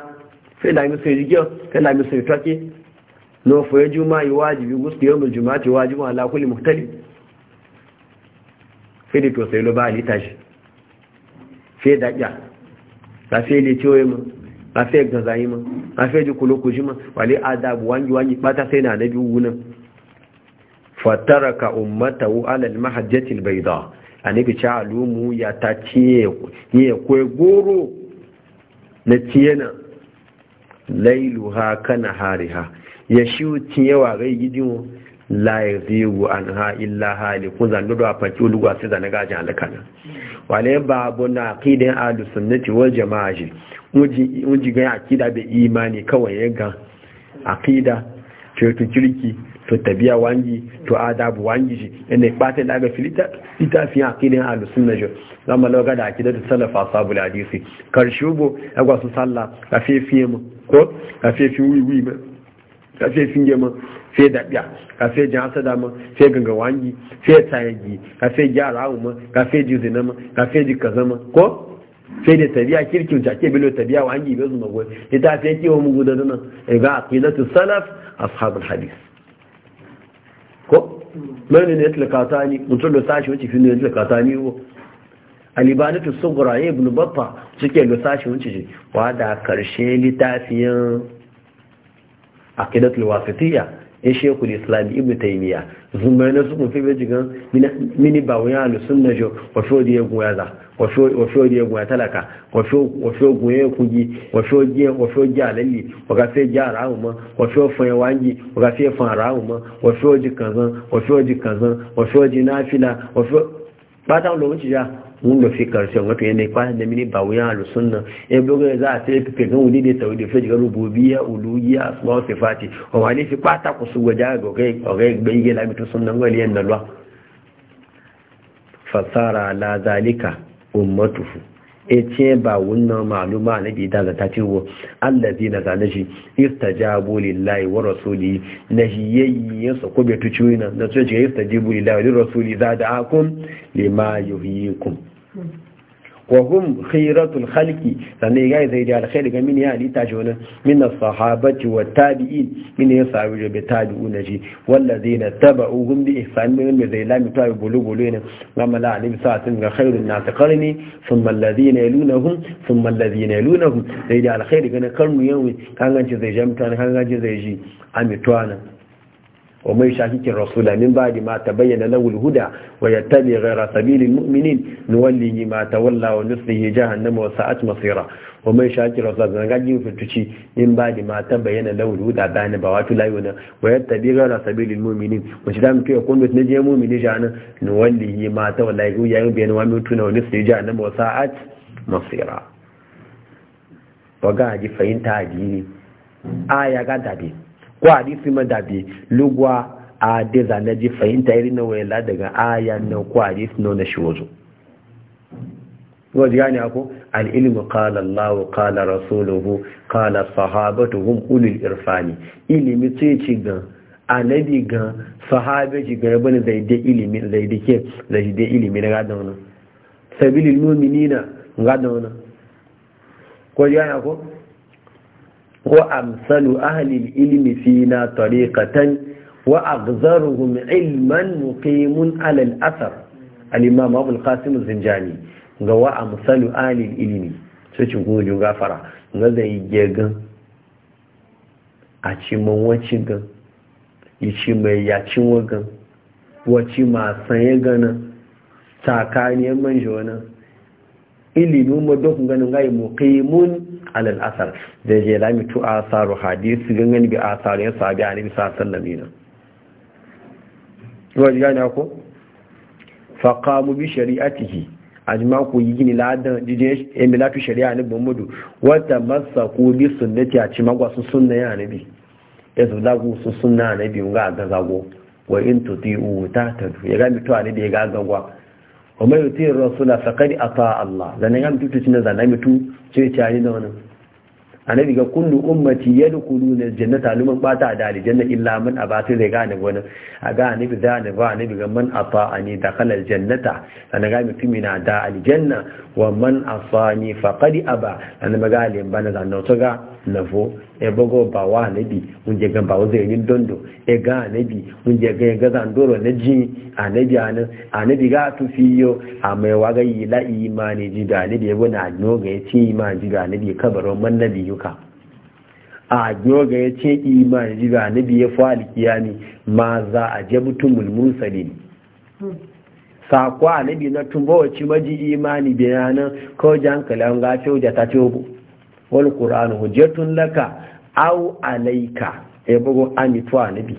Speaker 1: fẹ́lẹ̀ àmì sùn ìrìgẹ́ ìtọ́kí ní ọ̀fọ̀ ẹjú máa ìwájú bí gúúsù yóò mọ̀jú máa ti wájú wọn alákùnlé mọ̀tẹ́lì fẹ́lẹ̀ tó sẹ́lẹ̀ bá àlítà jù fẹ́ dájà tí yẹ ju adàbò pátá fataraka ummatahu ala mahajjati al anibi cha alumu ya ta ciye ya kwe goro na tiyana lailu ha kana hari ha ya shi wa gai mu lai ziyu an ha illa hali kun zan dudu a faki a sai zane gajin alkana wale babu na akidin alu sunnati wal jama'a ji unji akida bai imani kawai yankan aƙida, akida ceto kirki to tabiya wangi to adabu wangi shi inda ya ɓata daga filita ita fiye a kidin halusun na shi zama lauga da ake da salafa sabu da hadisi karshe ubo ya gwasu sallah a fefiye mu ko a fefi wiwi ma a fefin gema fe daɓiya ka fe jan asada ma fe ganga wangi fe tayagi ka fe gyara awu ma ka fe ji zina ma ka fe ji kaza ma ko sai da tabiya kirkin jake bilo tabiya wa bezu magwai ita ta yake wa mugu da nan ga aqidatu salaf ashabul hadith ko mani ne tilaka ta ni mutum da sashi wuce fin ne tilaka ta ni wo alibanatu sugura ya ibn batta suke da sashi wuce ce wa da karshe littafiyan aqidatul wasitiya ya sheku islam ibn taymiya zumbai na su kun fi bejigan mini ba wuya alusun na jo wato da ya goya za wafe oge egwu ya talaka wafe ogun ya kugi wafe oge alalli wagafe ji ara ahụ ma wafe ofan ya wangi wagafe ofan ara ahụ ma wafe oji kanzan wafe oji kanzan wafe oji nafila wafe bata ụlọ wuce ya mun da fi karshen wato yana kwanan da mini ba wuyan alusunna ya bugu za a sai fife gan wuli da tauri fi jigar rububiya ulugiya asma wa sifati wa wani fi kwata ku su gwaja ga ogai gbayi gila mitu sunan gwaliyan da lwa fasara la zalika ummatuhu e ce ba wannan maluma na bi da ta ce wa allazi na zane shi istajabu lillahi wa rasuli na shi yayi ya sako bai tuci wina na so shi istajabu lillahi wa rasuli za da akum lima yuhyikum hmm. wa hum khiratul khalqi sannan ga zai da alkhair ga min ya alita jona min as-sahabati wa tabi'in min ya sabi da bi tabi'un ji wallazina tabauhum bi ihsan min mai zai lami tabi bulu bulu ne ga mala alim sa'atin ga khairun nas qarni thumma allazina yalunahum thumma allazina yalunahum zai na karnu yawi kan ganci zai zai wa mai shakin rasu da nin ba ni ma ta bayyana lahulhuda wa ya taɓa ya gara sabbin lumini na wallahi ma ta wallawa nisɗaya na muhuro sa'ad tsira. wa mai shakin rasu zan gaji mafifici nin ba ni ma ta bayyana lahulhuda bayanan babatu layuwa na wa ya taɓa na je ya luna lumini jihar nan na wallahi ma ta wallahi na muhuro sa'ad ma ko hadisi ma dabi lugwa a zane ji fahimta iri na wayala daga aya na ko hadisi na wani shi wazo wajen gane ako al'ilmu kala Allah kala rasuluhu kala sahabatuhum ulul irfani ilimi sai ci ga anabi ga sahabe ga yabon zaide ilimi zaide ke zaide ilimi na gada wani sabilin muminina gada wani ko gane ako ko amsalu ahli ilmi fina tariqatan wa aghzaruhum ilman muqimun ala al-athar al-imam Abu al-Qasim az-Zinjani ga wa amsalu ahli ilmi so ci gojo gafara ga zai gega a ci mun wancin ga yace mai yacin wagan wace ma sanye na tsakaniyar manjo na ilimin madafin ganin gai muqimun alal asar da je lami mitu asaru hadisi gangan bi asaru ya sabi an nabi sallallahu alaihi wasallam gane ko qamu bi shari'atihi ajma ku yi gini ladan jije emilatu shari'a ne bumudu wata tamassaku bi sunnati a ci magwa su sunna ya nabi ya zulagu su sunna nabi ga ga zago wa in tuti'u ta ta ya ga mitu ne da ya ga gagwa wa mai yuti rasula faqad ata Allah dan ngam tutu cin da na mitu ce tare da wannan annabi ga kullu ummati yadkhuluna aljannata liman bata da aljanna illa man abata zai gane wannan a ga annabi da ne ba annabi ga man ata ani dakhala aljannata ana ga mutumi na da aljanna wa man asani faqad aba annabi ga alim bana da nauta ga Nafo, e bogo ba wa anabi mun je gan ba wa zai nin dondo e ga anabi mun je ga e ga zan doro na ji anabi anan anabi ga tu fiyo a mai wa ga yi la imani ji da anabi e bona no ga ci e imani ji da anabi e kabaro man nabi yuka a ga ya ce imani ji da anabi ya fa alkiyami ma za a je mutumul mursalin sakwa anabi na tumbo ci maji imani bayanan ko jankala ga ce ta ce wal qur'anu hujjatun laka aw alayka e bugo amitu anabi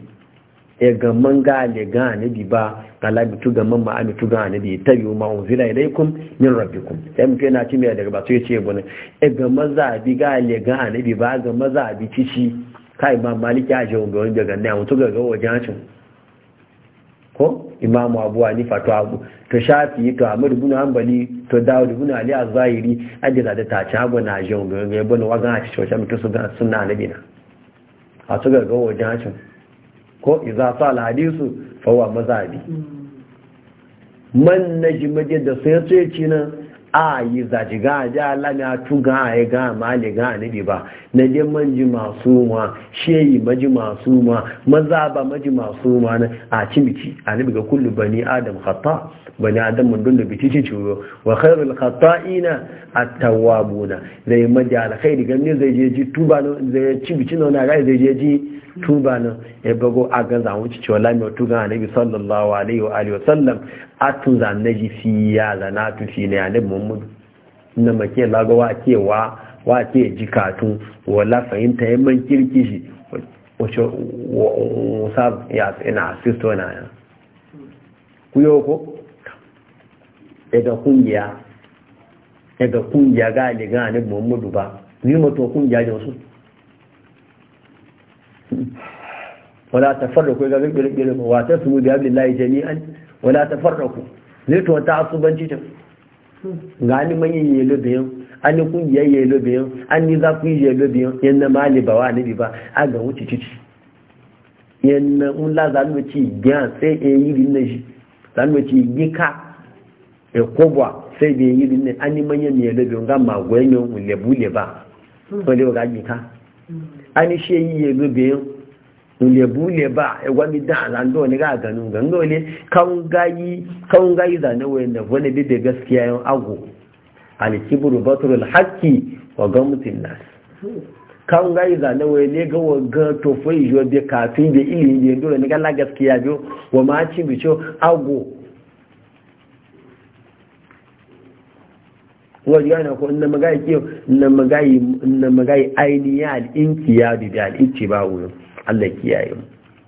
Speaker 1: e ga manga le ga anabi ba kala bitu ga man ma amitu ga anabi tabi ma unzila ilaykum min rabbikum sai e mu na ci mai daga ba to yace bune e ga maza bi ga le ga anabi ba ga maza bi cici kai ma maliki aje ga wani daga ne to ga ga wajen cin ko imamu abu hanifa to abu to shafi to amir ibn hanbali to dawud ibn ali az-zahiri ajira da ta ci abu na jin ga ga ibn wa ga ci shoce mutu su ga sunna annabi na a su ga ga wajen hacin ko idza sa al-hadisu fa huwa mazhabi hmm. man da sai sai ci nan a yi zaji ga ja a tu ga ya ga mali ga nabi ba na je manji masu ma sheyi maji masu ma maza ba maji masu ma na a cimici a ga kullu bani adam khata bani adam mun da bici ciwo wa khairul ina. attawabuna zai maji alkhairi ganin zai je ji tuba nan zai ci bici nan na gai zai je ji tuba nan ya bago a ga zamu ci cewa lamiya tuga annabi sallallahu alaihi wa alihi wasallam atun za naji fi ya zana tu fi ne annabi muhammad na make lagawa kewa wa ke jikatu wala fahimta yamman kirkishi wace wasa ya ina asisto na ya kuyo ko daga kungiya daga kungiya ga aligan annabi muhammadu ba ni mato kungiya ne wasu wala tafarraku ga gbe-gbe wa ta su da abdullahi jami'an wala tafarraku ne to ta asubanci ta ga ni manyan yelo biyan an ni kungiyar yelo biyan an ni zafi yelo biyan yanda mali ba wa ni ba a ga wuce cici yanda un la ci biyan sai e yi rinna shi ci gika e kobwa sai bai yi ne an yi manyan mai lobe nga magoyan yau ulebule ba to wa ga ka an yi shi yi ya lobe yau ulebule ba ya e gwami da alando ne ga ganin ganga wale kawun gayi zane wayan da wani bebe gaskiya yau ago alkiburu baturul haƙƙi wa gwamnatin nas kawun gayi zane wayan ne ga waga yi jiwa bai kafin da ilimin da ya dole ne ga la gaskiya biyu wa ma ci bicho ago wani yana ko na magayi kiyo na magayi na magayi al'inki ya dubi al'inci ba wuyo Allah kiyaye mu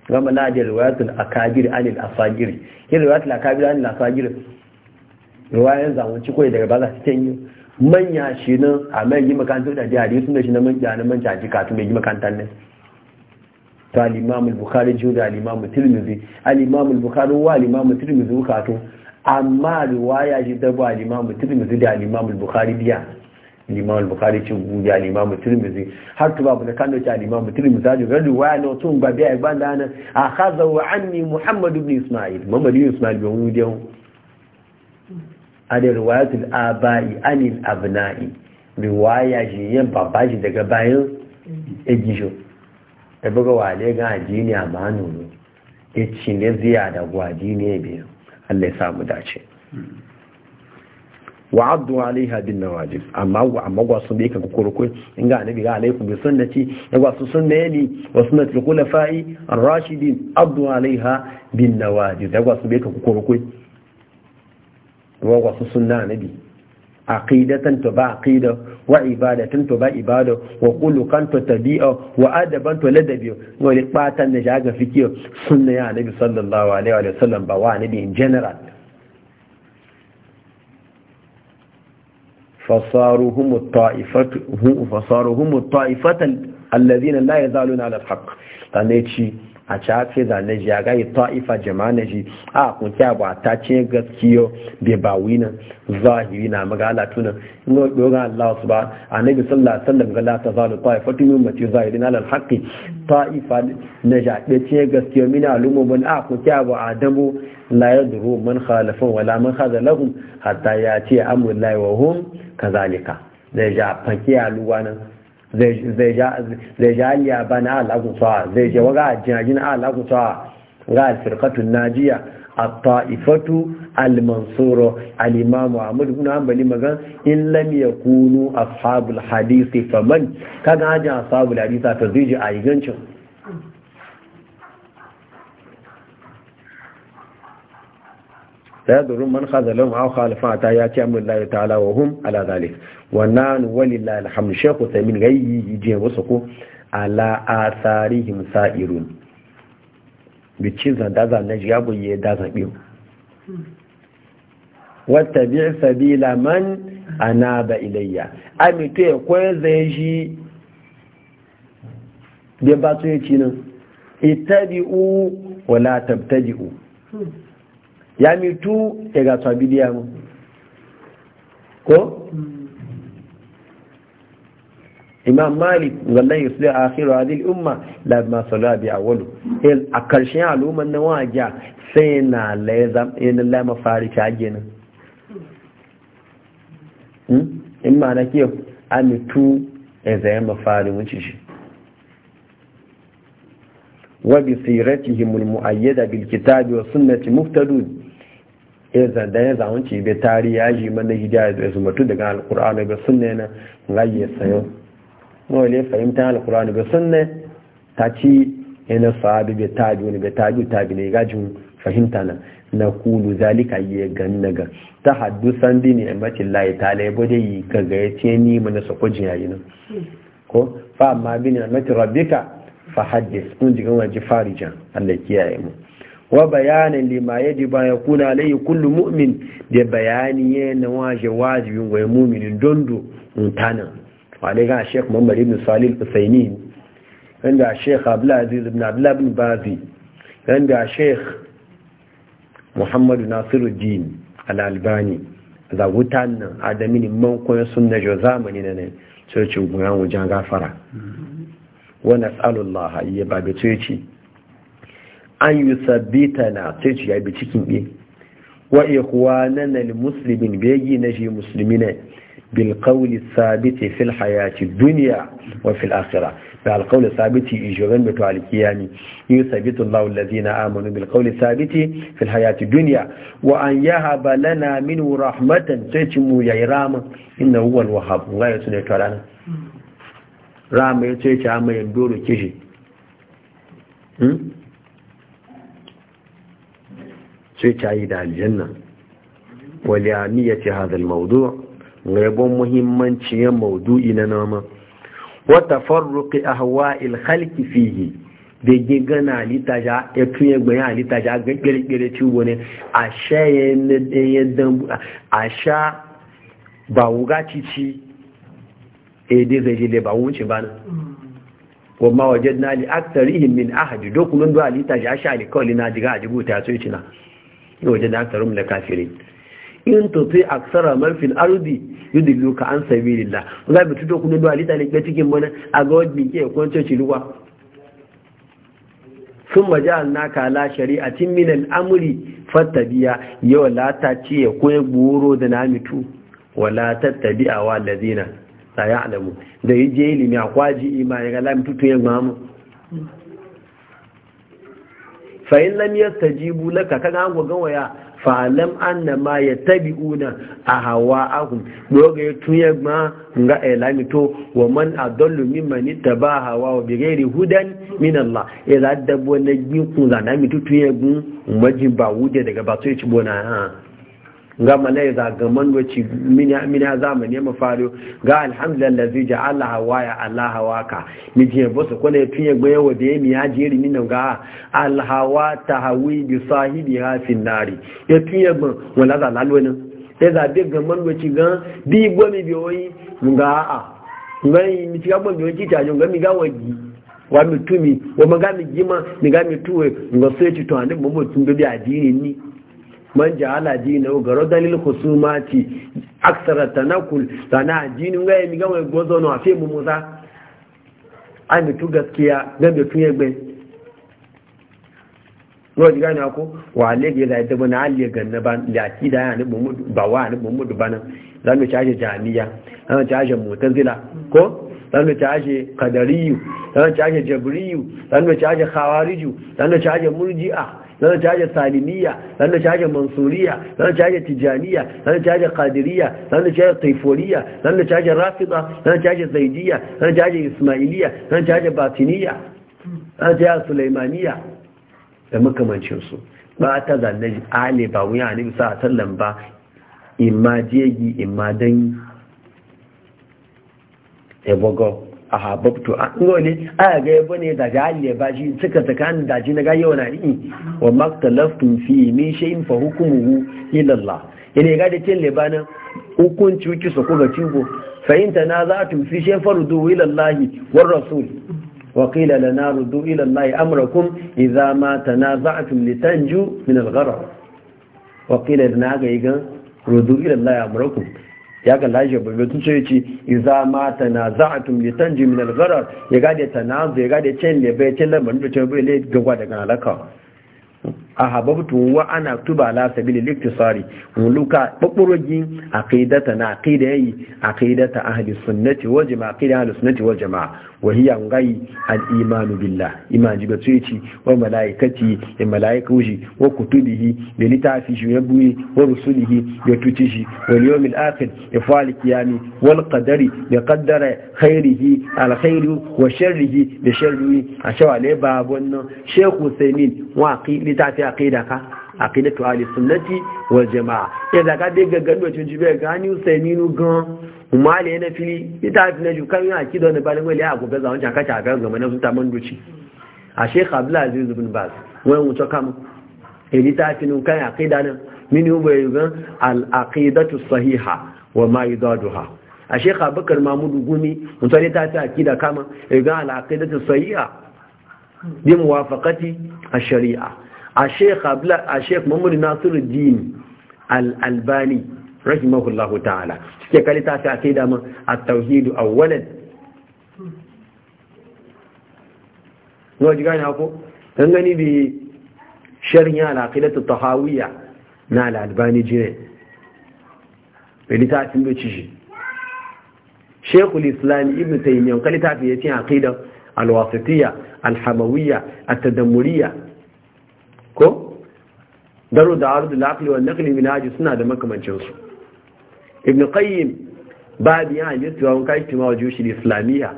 Speaker 1: gama na da riwayatul akabir anil asagir yin riwayatul akabir anil afagiri riwayan zamanci kawai daga ba za su kenyo manya shi na a mai yi makaranta da jihar yi suna shi na manja na manja ji katu mai yi makaranta ne to al bukari al-bukhari jihu da al-imam tirmidhi al wa al-imam tirmidhi amma riwaya shi ta ba limamu turmizi da limamu bukari biya limamu bukari cin guji a limamu turmizi har tuba bu na kano ci a limamu turmizi hajji ga riwaya na tun ba biya ba da hannun a haza wa ni muhammadu bin ismail muhammadu bin ismail bin wudi yau a da riwayatul abai anil abinai. riwaya shi yin babba shi daga bayan egisho ebe buga wale ga ajiye ne a manu ne ya ci ne ziya da gwaji ne biyu Allah ya samu dace wa addu alaiha bin nawajib amma amma gwasu da yake kokoro in ga annabi ga alaikum bi sunnati ya gwasu sunna ni wa sunnatul khulafa'i ar-rashidin addu alaiha bin nawajib da gwasu da yake kokoro ko wa gwasu sunna annabi عقيدة تبع عقيدة وعبادة تبع عبادة وقلقا وادب وأدبا تلدبيع ولقباتا نجاق فيكيو سنة يا نبي صلى الله عليه وسلم بوا النبي ان جنرال فصاروا هم الطائفة فصاروا هم الطائفة الذين لا يزالون على الحق تانيتشي a cafe zane ji a gaghị ta ifa jama'a ji a kunkiya ba ta ce gaskiyo bai ba wina zahiri na magala tuna in ga dogon Allah su ba a nabi sallallahu alaihi wasallam ga ta zalu ta ifa tun mace zahiri na lal haqqi ta ifa na ja ɗe ce gaskiyo mina alumu ban a kunkiya ba a dabo la yadru man khalafan wala man khadha lahum hatta ya ce amru lahi wa hum kazalika da ja fankiya aluwa nan zai ja bana ba na alagusawa zai je waga jinajin alagusawa ga alfirkatun najiya a ta'ifatu almansuro alimamu ahmad ibn hanbali magan in lam yakunu ashabul hadisi faman kaga hajin ashabul hadisi ta zai ji a ingancin. la yadurru man khazalahum aw khalafa ta ya ce amul Allah ta'ala wa hum ala zalik nan walillahi alhamd shaykhu taymin gayyi je wasu ko ala asarihim sa'irun bicin zanda zanda ya ye da zabiyo wata bi sabila man anaba ilayya ami ya ko zai ji bai ba su nan cinan itabi'u wala tabtaji'u ya mitu daga tsabidiya mu ko imam malik wallan yusli akhiru hadhihi umma la ma sala bi awalu in a karshen al'umman nan waja sai na laza in la fari ta gina hmm? in ma na kiyo amitu in zai mafari mun ci shi wa bi siratihim al mu'ayyada bil kitabi wa sunnati muftadun yin zanda ya zaun ce bai tari ya ji mana hidaya da zuma tun daga alkur'ani ga sunne na ngayi sayo sayo wale fahimta alkur'ani ga sunne ta ci yana sa'adu bai tabi wani bai tabi bi ne gajin fahimta na na kulu zalika yi gan naga ta haddusan dini a macin layi ta laibu da yi gaga ya ce ni mana sakwajin yi nan ko fa amma bin a macin rabbika fa haddis kun jigan waje farijan allah kiyaye mu wa bayanin lima yajibu an kuna alayhi kullu mu'min da bayani na waje wajibin wa mu'minin dondo mutana a Sheikh Muhammad ibn salil usaini inda Sheikh Abdulaziz ibn Abdullah ibn Bazi inda Sheikh Muhammad Nasiruddin al-Albani da wutan nan adamin man koyar sunna jo zamani ne ne sai ci guyan wajen gafara mm-hmm. wa nas'alullaha yaba bi ce. an yi sabbita na sai ci ya bi cikin bi wa ikhwanana lil muslimin bi na shi muslimina bil qawli sabiti fil hayati dunya wa fil akhirah da al qawli sabiti ijoran bi to al qiyami yusabbitu Allahu allazina amanu bil qawli sabiti fil hayati dunya wa an yahaba lana minhu rahmatan sai ci mu yayi rama inna huwa al wahhab ga yasu ne tarana rama yace ci amma yan doro kishi sai ta yi da aljanna wali amiyati hadha almawdu' rabon muhimmanci ya mawdu'i na nama wa tafarruqi ahwa'il khalqi fihi da gigana alitaja ya tunye gbanyen alitaja ga kirkire ciwo ne a sha yadda a sha ba wuga cici ede zai jile ba wuce ba na wamma wajen na li aktarihim min ahadi dokunan duwa alitaja a sha alikawali na jiga a jibuta ya tsoye cina waje da aka kafirin in to sai aksara man fil ardi yudillu ka an sabilillah za bi tudo kunu do alita ne cikin mana a ga wani ke kwanto ci ruwa sun majal naka la shari'atin min al-amri fattabiya yau la ta ce ya goro da na mitu wala tattabi'a wa allazina alamu da yaje ilimi akwaji ya ga la mitu to mamu fa in lam yastajibu laka kaga an gogan waya fa lam anna ma yattabi'una ga doga tuye ma nga elami to wa man adallu ta ba hawa bi ghairi hudan min Allah ila dabbo na gin kun da gun majin ba wude daga ba ya ci bona ha ga malai zagaman wacce mina zamani mu faro ga alhamdulillah zai ji Allah ya Allah waka mi je bosu kone fiye gbaye wa da mi haji ri min ga Allah wa tahawi bi sahibi ha fi nari ya fiye gban wala za lalwa sai za bi gaman wacce ga bi gomi bi oyi ga a ngai mi ti ga biyoyi wace ta jo ga mi ga waji wa mi tumi wa magami gima mi ga mi tuwe ngo sai ci to ande bobo tun bi adini ni man jahala o garo dalil khusumati aksara tanakul tana dinin ga mi ga wai gozo no afi mu muza ai mi tu gaskiya ga be tun yegbe no diga na ko wa le ge da da bana alle ganna ba da akida ya ni mu ba wa ni mu du bana dan mu caje jamiya dan mu caje mutazila ko dan caje qadariyu dan caje jabriyu dan caje khawariju dan caje murji'a zan caja salimiya zan caja mansuriya zan caja tijaniya zan caja hajjar kadiriya zan caja taiforiya zan ci rafida zan caja zaidiya zan caja ismailiya zan caja batiniya zan ci sulaimaniya da makamancinsu ba ta zanne ale ba wuya a sa a sallan ba imma jegi imma dan ebogo a hababtu an ne a ga yabo ne da jahiliya ba shi suka tsakanin daji na gaye wa nari'i wa maktalaftun fi min shayin fa hukumuhu ilallah yana ga da cin lebanin hukunci wuki su kuga cibo fahimta na za a tumfi shayin farudu ilallahi war rasul wa qila na rudu ilallahi amrakum idza ma tanaza'tum ju min al-gharar wa qila na ga rudu ilallahi amrakum ya ga lashe babbe tun sai ce iza ma a litanji tan al-gharar ya ga da tanazu ya ga da cin ne bai cin lamarin da cin bai le gagwa daga alaka a hababtu wa ana tuba la sabili liktisari muluka bakurogin aqidata na aqida yayi aqidata ahli sunnati wa jamaa aqida ahli sunnati wa jamaa wa hiya ngai al iman billah iman jiba tsuci wa malaikati ya malaika wuji wa kutubihi da litafi shi ya buyi wa rusulihi ya tuci shi wal yawmil akhir ya fali kiyami wal qadari ya qaddara khairihi al khairu wa sharrihi da sharrihi a shawale babon shekhu sheikh wa aqidata aqida ka to Ali sunnati wal jamaa ya daga de gangan do tun jibe ga ni nu gan umale na fili ita na ju kan ya kido ne balin wali ago ga zawon chaka chaka ga mana sun ta manduci a sheikh abdul aziz ibn baz wai mu to kam fi nu kan aqida nan min yubo yugan al aqidatu sahiha wa ma yudaduha a sheikh abubakar mamudu gumi mutane ta ta aqida kama ga al aqidatu sahiha bi muwafaqati ash-shari'a a sheik mamuri nasiru dini al'albani rahimahullahu ta'ala suke kalita ta kai damar a tauhidu a wanan wajen gani hako don gani bi sharin yana alaƙilata ta hawiya na al'albani jirai. da littafin da ci shekul islami ibn taimiyan kalita fiye cin aƙidar alwasitiyya alhamawiyya a tadammuriyya daro da ardu laqli wal naqli min haji suna da makamancin su ibn qayyim babu ya yi tuwa kai tuma wa jushi islamiyya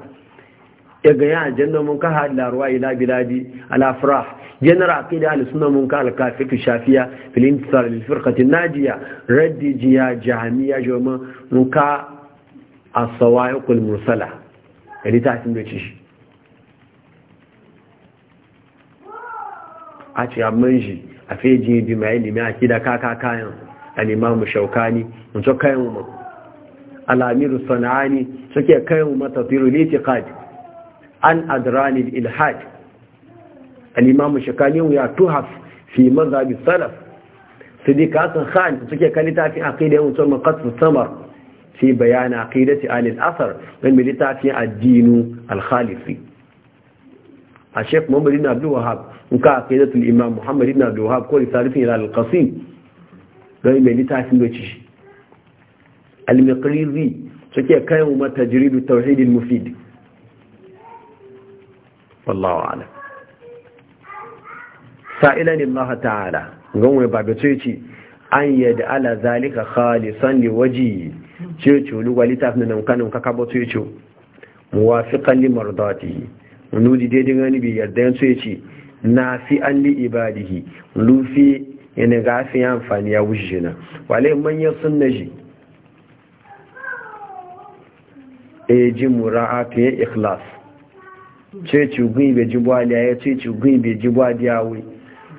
Speaker 1: ya ga ya janna mun ka hada ruwa ila biladi ala farah general aqida al sunna mun ka al kafir shafiya fil intisar lil firqati najiya raddi jiya jahmiya joma mun ka as-sawa'iq al mursala yani ta tin doci shi a ci amman a feji bi mai ilimi a kida kaka kayan alimamu shaukani wancan kayan umar alamiru sana'ani suke kayan umar tafiru kaji? an adranil ilhad alimamu shaukani ya tuhaf fi mazhabi salaf siddiq hassan khan suke kan littafin aqida wancan maqasus samar fi bayan aqidati alil asar wani littafin addinu alhalifi. a sheik muhammad ibn abdul wahab in ka aqidatul imam muhammad ibn abdul wahab ko risalatin ila al-qasim dai mai litafin da ci al-miqrizi suke kai mu mata jiridu tauhidil mufid wallahu a'lam sa'ilan Allah ta'ala ganwe ba ga ce an yadda ala zalika khalisan li waji ce ce lu walita nan kanin kaka ba ce ce muwafiqan li mardatihi nudi daidai gani bi yadda yanzu ya ce na fi an li ibadihi lufi yana ga fi amfani ya wuce shi na wale manyan sun na ji e ji mura'atu ya ikhlas ce ci gun ibe ji buwadiya ya ce ci gun ibe ji buwadiya wai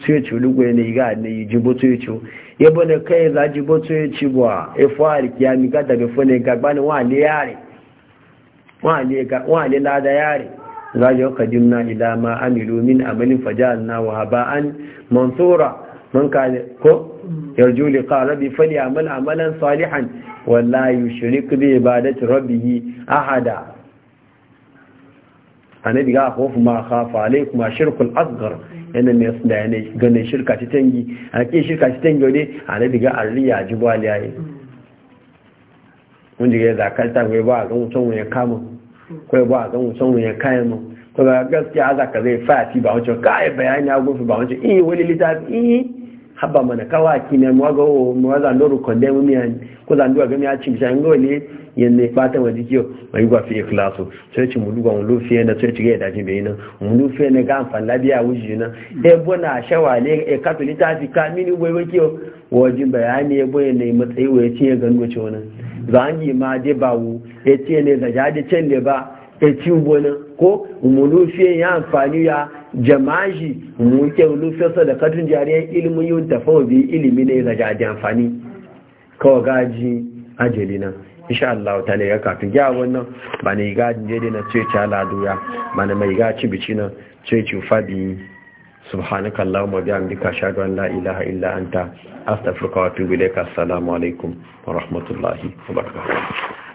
Speaker 1: ce ci lugu ga yi ji ya ce ya bane kai za ji e ya ci buwa ya ya mi gada gagbani wa ale yare wa ale lada yare za yau kadimna ila ma amilu min amalin fajalna wa haba'an mansura man ka ko yarju liqa rabbi amal amalan salihan wala yushrik bi ibadati rabbih ahada annabi ga khofu ma khafa alaykum ashirkul asghar yana ne yasda ne ganin shirka ci tangi a ke shirka ci tangi ne annabi ga arriya jibwaliyaye mun ji ga zakarta bai ba ga mutum ya kama kawai ba a zan wucin wuyan kayan mu ko ga gaskiya za ka zai fati ba wancan kai bayani ya gofi ba wancan iya eh, wani littafi iya eh, haba mana kawaki ne mu ga mu ga zando ru konde mu miyan ko zando ga miya cin shan gole yanne fata wa dikiyo mai ba fi ikhlasu sai ci mu duba mu lufiye na sai ci ga da jibe ina mu lufiye eh, ne ga amfan labiya wuji na e bona shawale e katolita fi kamini wai wakiyo wajin bayani e boye ne matsayi ya ci ga gano ce wannan zangi ma je bawo ya ce ne da jadi can ne ba ya ci wani ko umulufiyan ya amfani ya jama'ashi muke ulufiyarsa da katun jariyar ilimin yin bi biyu ilimi ne da jadi amfani kawai gaji ajali na insha Allah ta ne ya kafin ya wannan ba ne gajin jade na ce ci aladu ya ba ne mai gaci bici na ce ci fabi subhanaka allahumma bihamdika ashhadu an la ilaha illa anta astaghfiruka wa atubu ilaika assalamu alaikum wa rahmatullahi wa barakatuh